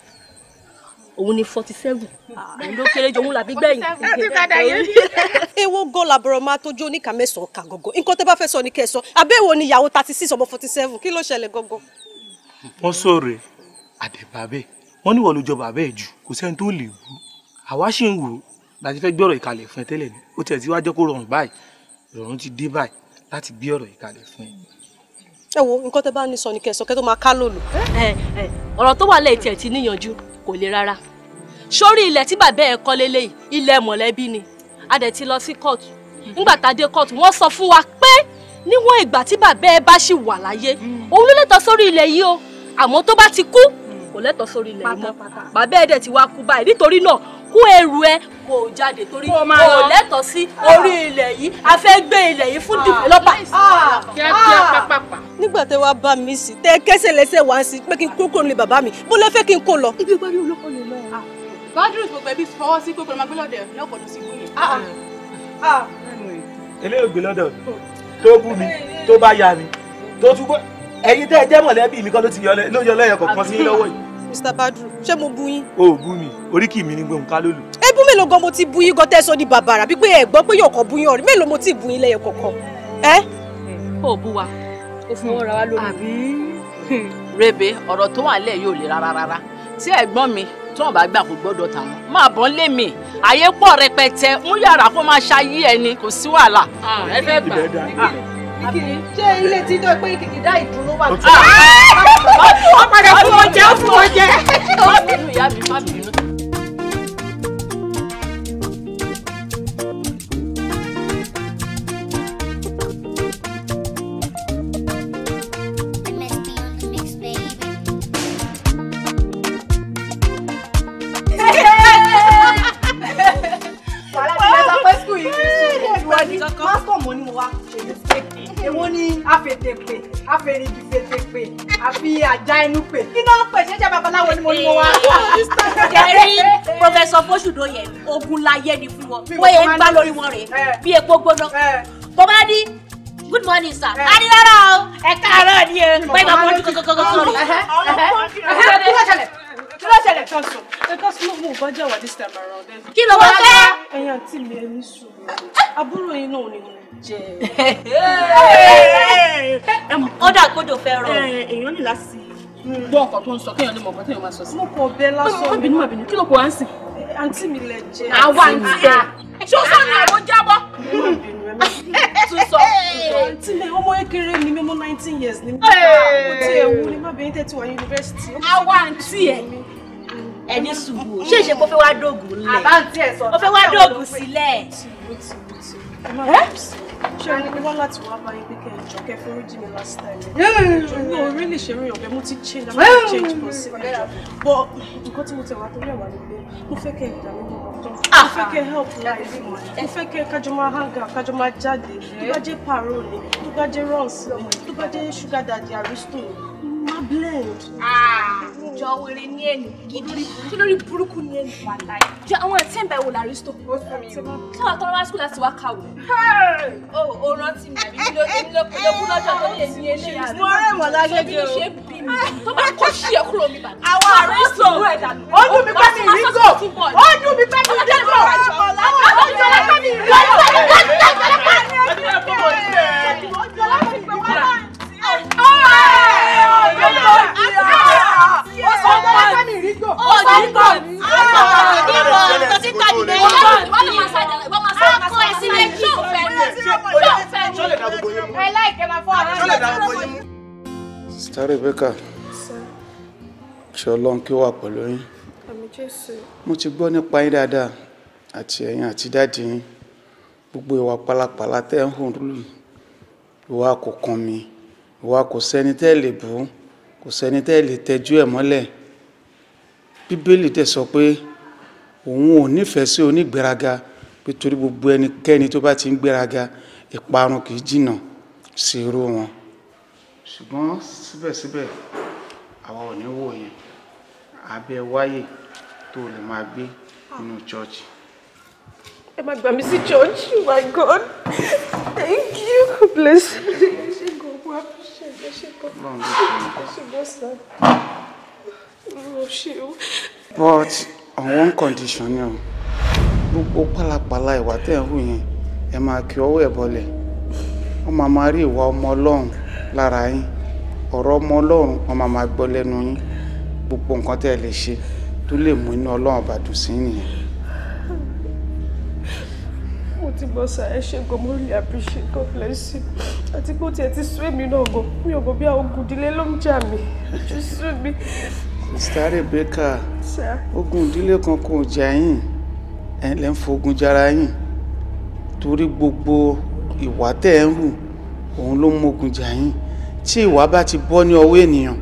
òun ni forty seven Ah, ló kéré jọ òun làbí gbẹ̀yìn. ewo go laboro máa tójú oníkà mẹ́sàn-án kà gọ́gọ́ nǹkan tó bá fẹ́ sọ ni kẹ́ ẹ sọ abẹ́wò ni ìyàwó thirty six ọmọ forty seven kí ló ṣẹlẹ̀ gọ́gọ́. wọ́n sọ̀rọ̀ àdẹ̀bàbẹ̀ wọ́n ní wọ́n ló jọ bàbá ẹ̀ jù kò sẹ́ni tó lè wú àwa ṣì ń wò ó láti fẹ́ gbé ọ̀rọ̀ ìkàlẹ̀ fún ẹ tẹ́lẹ̀ ni ó tiẹ̀ ti wá jẹ́ kó rọrùn báyìí ìrọ̀rùn ti dé báyìí láti gbé ọ̀rọ̀ ìkàlẹ̀ fún ẹ. ẹ wo nǹkan tẹ bá ní sọ ni kẹsàn kẹ tó máa ká lòlù. ọ̀rọ̀ tó wà lẹ́yìn tiẹ̀ ti níyanjú kò le rárá sórí ilẹ̀ tí bàbá ẹ̀ kọ́ lélẹ́yìí ilẹ̀ mọ̀lẹ́bí ni a dẹ̀ ti lọ sí kóòtù nígbà tá a dé kóòtù wọ́n sọ fún wa pé níwọ̀n ìgbà tí bàbá ẹ bá ṣì wà láyé òun ló lẹ́tọ̀ọ́ sórí ilẹ̀ yìí o àmọ́ tó bá ti kú kò lẹ́tọ̀ọ́ sórí ilẹ̀ yìí mọ́ bàbá ẹ dẹ̀ ti wá kú báyìí nítorí náà kó ẹrù ẹ kó jáde torí kó lẹ́tọ̀ọ́ sí ah. orí ilẹ̀ yìí a fẹ́ gbé ilẹ̀ yìí fún ah. dìbẹ́lọ́pà. Ah. nígbà tẹ wá bá mi sí tẹ kẹsẹ̀ lẹ́sẹ̀ wá sí pé kí n kúrò ní bàbá mi bó lẹ fẹ́ kí n kó lọ. ibi ìpàdé olóko lè lọ. boundaries gbogbo ẹbí fọwọ́ sí pé pẹ̀lú agbélọ́dẹ lọ́kọ̀ọ́ ló sì eléyìí gbélọ́dọ̀ tó bú mi tó bá yá mi tó túbọ̀ ẹ̀yin tẹ́ ẹ jẹ́ mọ̀lẹ́bí mi kọ́ ló ti yọ lẹ́yọ̀ kọ̀ọ̀kan sí lọ́wọ́ yìí. Mr. Badru ṣé mo bu yín. o ò bú mi oríkì mi ni gbòǹkà lólu. ebú mélòó gan mo ti bu yín gan tẹ́ sọ di bàbàrà bí pé ẹ gbọ́ pé yọ̀ọ̀kan bu yín ọ̀rẹ́ mélòó mo ti bu yín lẹ́yọ̀ kọ̀ọ̀kan. ẹ. o bu wa o fún wọn wa lómi. àbí. rebe ọ̀rọ̀ tó wà nílẹ̀ yóò le rárá rárá tí ẹ̀gbọ́n mi tí wọn bá gbà kó gbọ́dọ̀ tà wọn máa bọ́ lé mi àyè pọ̀ rẹpẹtẹ ń yàrá kó máa ṣayé ẹni kò sí wàhálà. ẹ fẹ́ gbà ìkìlì ṣé ilé tí tó pé ìkìlì dá ìdúró wà. ó ah! padà fún ọjẹ́ fún yẹn ogun láyé ni fún wọn wọ́n yẹn ń gbá lórí wọn rè eh. bí epo gbóná eh. tó bá ní good morning sir eh. adi rárá o ẹ káàárọ̀ ni ẹ pé ìgbà mọ́jú kankan sọ̀rọ̀ kí ló ṣẹlẹ̀ kí ló bá fẹ́. ẹ̀yin àǹtí mi ẹni sùn àbúrò yín náà ni mo jẹ. ọ̀dà àgbọ̀dọ̀ fẹ́ rọ. èèyàn ní láti gbọ́ ọkọ̀ tó ń sọ kéèyàn lè mọ̀ ọkọ̀ téèyàn máa sọ sí. mo kọ̀ bẹ́ẹ̀ lásán. má bínú má bínú kí ló kọ̀ á ń sìn àǹtí mi lẹ jẹ. àwa àǹtí ẹ ṣó sọnù ẹ ló jábọ́. tún sọ àǹtí mi ọmọ kékeré ni mi ọmọ nineteen years ni mi. mo ti ẹ̀ wú ni má bẹ̀yìn wà yunifásitì. àwa àǹtí ẹ ẹni ṣubú o ṣèṣe kó fẹ́ wá dóògùn lẹ̀ àbáǹtí fẹ́ wá dóògùn sílẹ̀ ṣé o ní wá láti wá báyìí pé kẹ́ last time ẹ jọ mi ò rí lè ṣe rí ọ̀bẹ mo ti change àmọ́ mo change kò sí ẹjọ́ but nǹkan tí mo tẹ̀ wá torí ẹ̀ wá ni pé mo fẹ́ kẹ́ ẹ dà mí mọ́ ọ̀tọ̀ ah, ah. mo fẹ́ kẹ́ help life mo fẹ́ kẹ́ kájọ máa hang out kájọ máa jáde tó bá jẹ́ parole tó bá jẹ́ runs tó bá jẹ́ sugar daddy aristo má blend. ìjọ ah, wèrè ní ẹnu gidi tí lórí burúkú ní ẹnu wàlá yìí. jọ àwọn ẹ̀tí ìbẹ̀ wò làrísítò. ó sọ mi o. kí wàá tọrọ wá sùkúl láti wá kàwé. o ò rántí mi àbí èmi ló kú lọ́jọ́ tó lè ní eléyà rẹ̀. mo rẹ̀ wọ̀ lágége o. tó bá kọ́ sí ẹ kúrò mi bàtà. àwọn àrísò ó dùn mí pẹ́ mi ìrísò ó dùn mí pẹ́ mi ìrísò ó dùn mí pẹ́ mi ìrísò. Sister Rebecca, ṣe ọlọ́run kí ó wà pẹ̀lú yín. Mo ti gbọ́ nípa yín dáadáa àti ẹ̀yin àti dáàdì yín. Gbogbo ìwà pálapàla tẹ́ ń hùn lù ìwà kò kàn mí ìwà kò sẹ́ni tẹ́ lè bú kò sẹ́ni tẹ́ lè tẹjú ẹ̀ mọ́lẹ̀ bíbélì tẹ̀ sọ pé òun ò nífẹ̀ẹ́ sí onígbéraga pé torí gbogbo ẹnikẹ́ni tó bá ti ń gbéraga ìparun kì í jìnnà sí irú wọn ṣùgbọ́n síbẹ̀síbẹ̀ àwa ò ní wòye abẹ́ wáyè tó lè máa gbé nínú chọ́ọ̀chì. ẹ máa gbà mí sí church oh my god thank you bless you but on one condition ni o gbogbo pálapàla ìwà tẹ̀ ń hù yẹn ẹ máa kí ọwọ́ ẹ̀ bọlẹ̀ wọ́n máa máa rí ìwà ọmọ ọlọ́run lára yín ọ̀rọ̀ ọmọ ọlọ́run wọ́n máa máa gbọ́ lẹ́nu yín gbogbo nǹkan tẹ́ ẹ lè ṣe tó lè mú inú ọlọ́run bàdùn sí nìyẹn ti gbọ́ sá ẹ ṣe gan really appreciate God bless you àti pé ó tiẹ̀ ti sún èmi náà gan mi ò mọ̀ bí àwọn ogun ìdílé ló ń jà mí Mr. Rebecca ogun ìdílé kan kò jà yín ẹ lẹ́ ń fogun jara yín torí gbogbo ìwà tẹ̀ ń hù òun ló ń mogun jà yín tí ìwà bá ti bọ́ ní ọwọ́ ènìyàn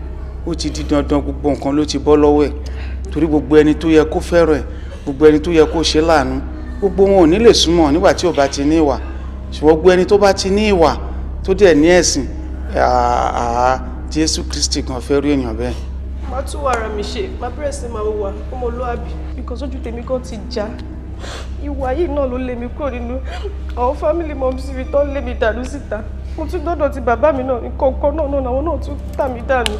ó ti di dandan gbogbo nǹkan ló ti bọ́ lọ́wọ́ ẹ̀ torí gbogbo ẹni tó yẹ kó fẹ́ràn ẹ̀ gbogbo ẹni tó yẹ kó ṣe láàánú gbogbo wọn ò ní lè súnmọ́ nígbà tí ò bá ti ní ìwà ṣùgbọ́n gbogbo ẹni tó bá ti ní ìwà tó dẹ̀ ní ẹ̀sìn àá jésù kristi gan fẹ́ rí èèyàn bẹ́ẹ̀. má tún wà ara mi ṣe má bẹ̀rẹ̀ sí máa wà ọmọlúàbí because ojú tèmi kan ti já ìwà yìí náà ló lé mi kúrò nínú àwọn fámìlì mọ̀mí síbi tó lé mi dànù síta mo tún dọ́dọ̀ ti bàbá mi náà nǹkan kan náà náà làwọn náà tún tà mí dànù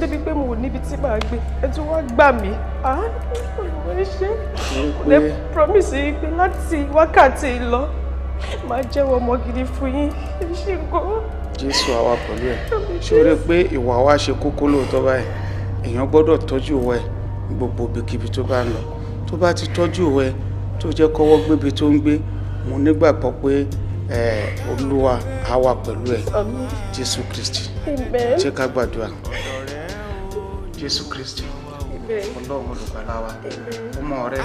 débi pé mo níbi tí màá gbé ẹ tún wá gbà mí olùwọ́ ṣe lè promise yìí pé láti wákàtí lọ màá jẹ́wọ́ ọmọ gidi fún yín ẹ ṣe kó. jésù àwa pẹ̀lú ẹ̀ ṣòro pé ìwà wa ṣe kókó lóòótọ́ báyìí èèyàn gbọ́dọ̀ tọ́jú ìwà ẹ̀ gbogbo ibikíbi tó bá ń lọ tó bá ti tọ́jú ìwà ẹ̀ tó jẹ́ kọ́wọ́ gbébi tó ń gbé mo nígbàgbọ́ pé olúwa á wà pẹ̀lú ẹ̀ jésù kristi jẹ́ ká gbàdúrà jésù kristi ọlọ́run olùgbàlà wa ọmọ rẹ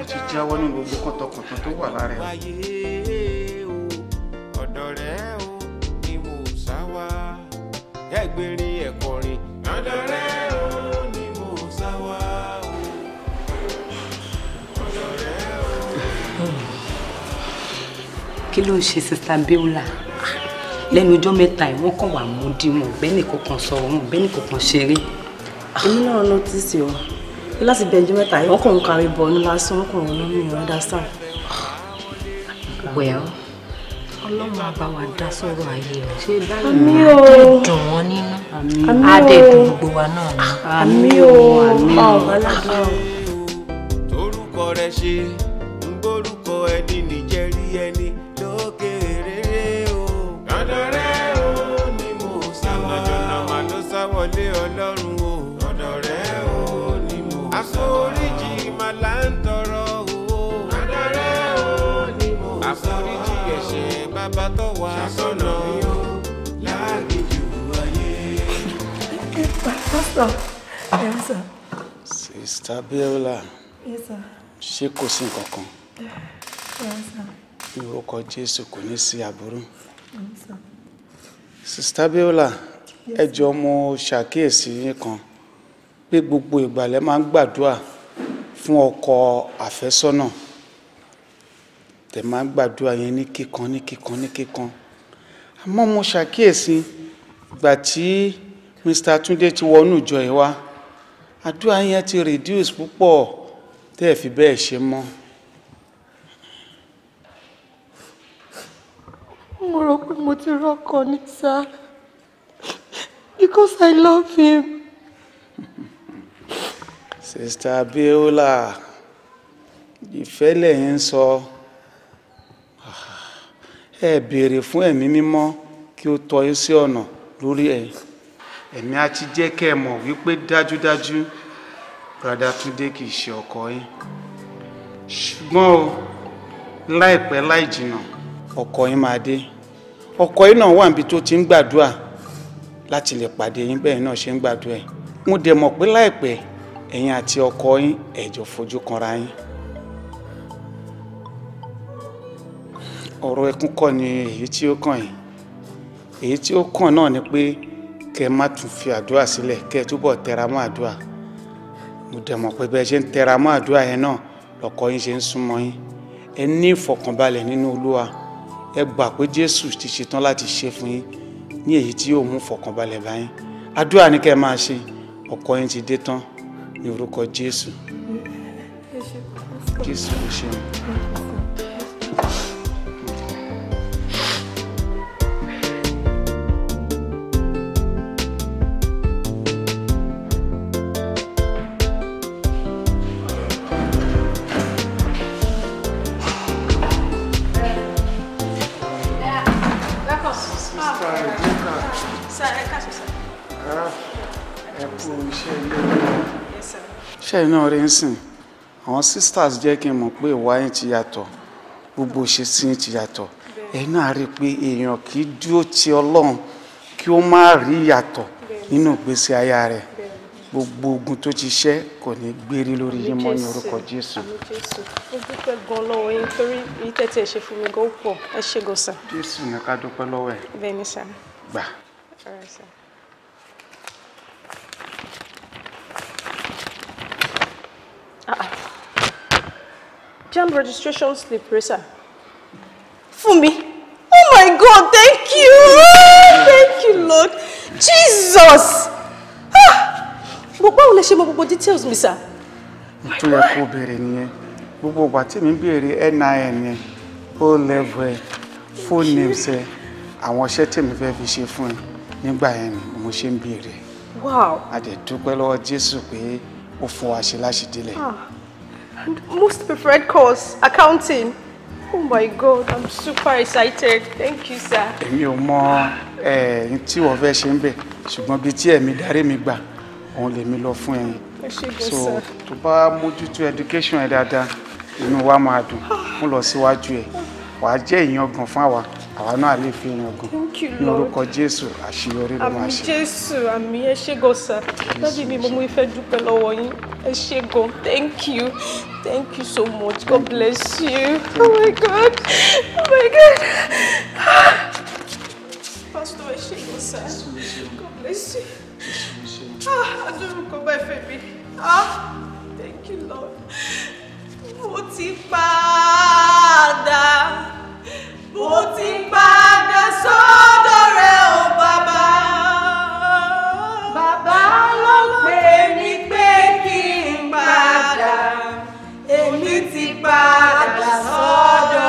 ó ti jáwọ́ ní gbogbo kọ́tọkùntàn tó wà lára ẹ. ọ̀dọ̀ rẹ̀ o ni mo sá wá ẹgbẹ̀rin ọ̀dọ̀ rẹ̀ o kí ló ń ṣe sista Bíọ́lá lẹ́nu ọjọ́ mẹ́ta ẹ̀ wọ́n kàn wà mú dí wọn ọ̀gbẹ́ni kankan sọ wọn ọ̀gbẹ́ni kankan ṣeré èmi náà notice o láti bẹ̀jú mẹ́ta yìí ọkọ̀ ń kárí bọ̀ọ́nù lásán ọkọ̀ ń lómi ìrọ̀dá sáà. well ọlọ́run àbá wa dá sọ̀rọ̀ ayé rẹ̀ ṣe ó dùn wọ́n nínú adé dùn gbogbo wa náà ni. àmì ó ọ̀rọ̀ aládùn. torúkọ rẹ ṣe ń gbórú. sir. Ah. Yes, sir. Sister Biola. Yes, sir. Ṣé kò sí nǹkan kan? Yes, sir. Ìwọ́kọ̀ Jésù kò ní sí aburú. Yes, sir. Sister Biola, Yes, jọ̀ọ́ mo ṣàkíyèsí yín kan pé gbogbo ìgbàlẹ̀ máa ń gbàdúrà fún ọkọ àfẹ́sọ́nà. Tẹ̀ máa ń gbàdúrà yẹn ní kíkan ní kíkan ní kíkan. Àmọ́ mo ṣàkíyèsí ìgbà tí. Mr. Túndé ti wọnú ìjọ ẹ̀ wá àdúrà yẹn ti reduce púpọ̀ tẹ́ ẹ̀ fi bẹ́ẹ̀ ṣe mọ́ mo rò pé mo ti rọ́kọ ní sáà because I love him. (laughs) Sista Abiola ìfẹ́ lẹ́yìn sọ ah, ẹ béèrè fún ẹ̀mí mímọ́ kí ó tọ́ yín sí ọ̀nà lórí ẹ̀yìn èmi á ti jẹ́ kẹ́ ẹ mọ̀ wípé dájúdájú brada túndé kì í ṣe ọkọ yín ṣùgbọ́n o láìpẹ́ láì jìnnà ọkọ yín máa dé ọkọ yín náà wà níbi tó ti ń gbàdúrà láti lè pàdé yín bẹ́ẹ̀ náà ṣe ń gbàdúrà ẹ̀ mo dẹ̀ mọ̀ pé láìpẹ́ ẹ̀yin àti ọkọ yín ẹ fojú kanra yín. ọ̀rọ̀ ẹkún kọ́ ni èyí tí ó kàn yín èyí tí ó kàn náà ni pé kẹ́ má tún fi àdúrà sílẹ̀ kẹ́ túbọ̀ tẹra mọ́ àdúrà mo dẹ̀ mọ̀ pé bẹ́ẹ̀ ṣe ń tẹra mọ́ àdúrà yẹn náà lọ́kọ yín ṣe ń súnmọ́ yín ẹ ní ìfọ̀kànbalẹ̀ nínú olúwa ẹ gbà pé jésù ti ṣetán láti ṣe fún yín ní èyí tí yóò mú ìfọ̀kànbalẹ̀ bá yín àdúrà ni kẹ́ máa ṣe ọkọ yín ti dé tán ní orúkọ jésù jésù ló ṣe wọn. ṣẹ́yìn náà rí ń sìn àwọn sisters jẹ́ kí n mọ̀ pé ìwà yín ti yàtọ̀ gbogbo ìṣesí yín ti yàtọ̀ ẹ̀yin náà rí i pé èèyàn kì í dúró ti ọlọ́run kí ó má rí ìyàtọ̀ nínú ìgbésí ayá rẹ̀ gbogbo ogun tó ti ṣẹ́ kò ní lórí yín mọ́ gbà. jam registration slip rẹ sà fún oh my god thank you thank you lord jesus gbogbo àwọn lè ṣe mọ gbogbo details mi sà. ìtumọ̀ kò béèrè nìyẹn gbogbo ìgbà tí mi béèrè nin yẹn o level ẹ full names ẹ àwọn iṣẹ́ tèmi fẹ́ fi ṣe fún ẹ nígbà yẹn ni mo ṣe ń béèrè. wow. a dẹ̀ dúpẹ́ lọ́wọ́ jésù pé ó fún wa ṣe ah, and most preferred course accounting oh my god i'm super excited thank you sir. Emi ò mọ ẹ̀ẹ́n tí wọ́n fẹ́ ṣe ń bẹ̀ ṣùgbọ́n bíi tí ẹ̀mí darí mi gbà òun lèmi lọ fún ẹ̀yin so tó bá mójútó education ẹ̀ dáadáa inú wa máa dùn ah. mo lọ síwájú ẹ̀ wàá jẹ́ ìyangàn fún àwa àwa náà lè fi yan gan ní orúkọ jésù àṣeyọrí ló máa ṣe. àmì jésù àmì ẹ ṣé gan sir dájú mi mo mú ìfẹ́ dúpẹ́ lọ́wọ́ yín ẹ ṣé gan thank you thank you so much god bless you oh my god oh my god pastor ẹ ṣé gan sir god bless you ah adúrúkọ bá ìfẹ́ mi ah thank you lord mo ti pa á mo ti padà sọ́dọ̀ rẹ o bàbá. bàbá ló pè mí pé kí n padà èmi ti padà sọ́dọ̀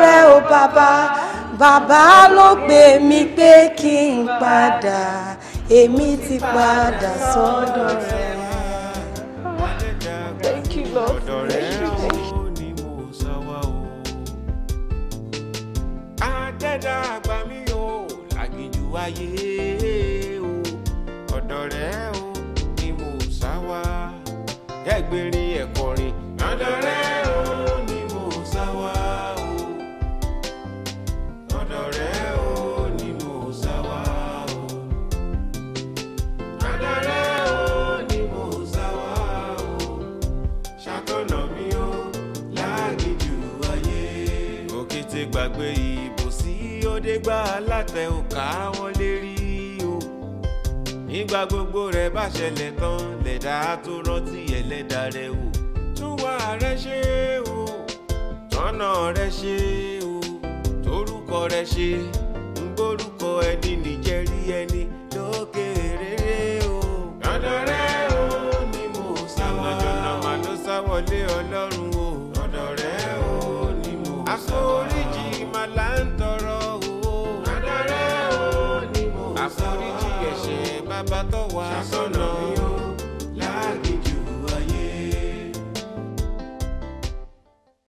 rẹ o o bàbá bàbá ló pè mí pé kí n padà èmi dẹ́dá àgbà mi o làgìjù ayé o ọ̀dọ̀ rẹ̀ o ni mo sá wá ẹgbẹ̀rin ẹ̀kọrin ọ̀dọ̀ rẹ̀ nígbà látẹ̀ ò ká wọn lè rí o nígbà gbogbo rẹ̀ bá ṣẹlẹ̀ tán lẹ̀dá tó rántí ẹlẹ́dà rẹ̀ o tún wà ṣe o tọ́nà rẹ̀ ṣe o torúkọ rẹ̀ ṣe ń gbórúkọ ẹni nìjẹ́rí ẹni lókè rere o dandan rẹ̀ o ni mo sá wá. corazón.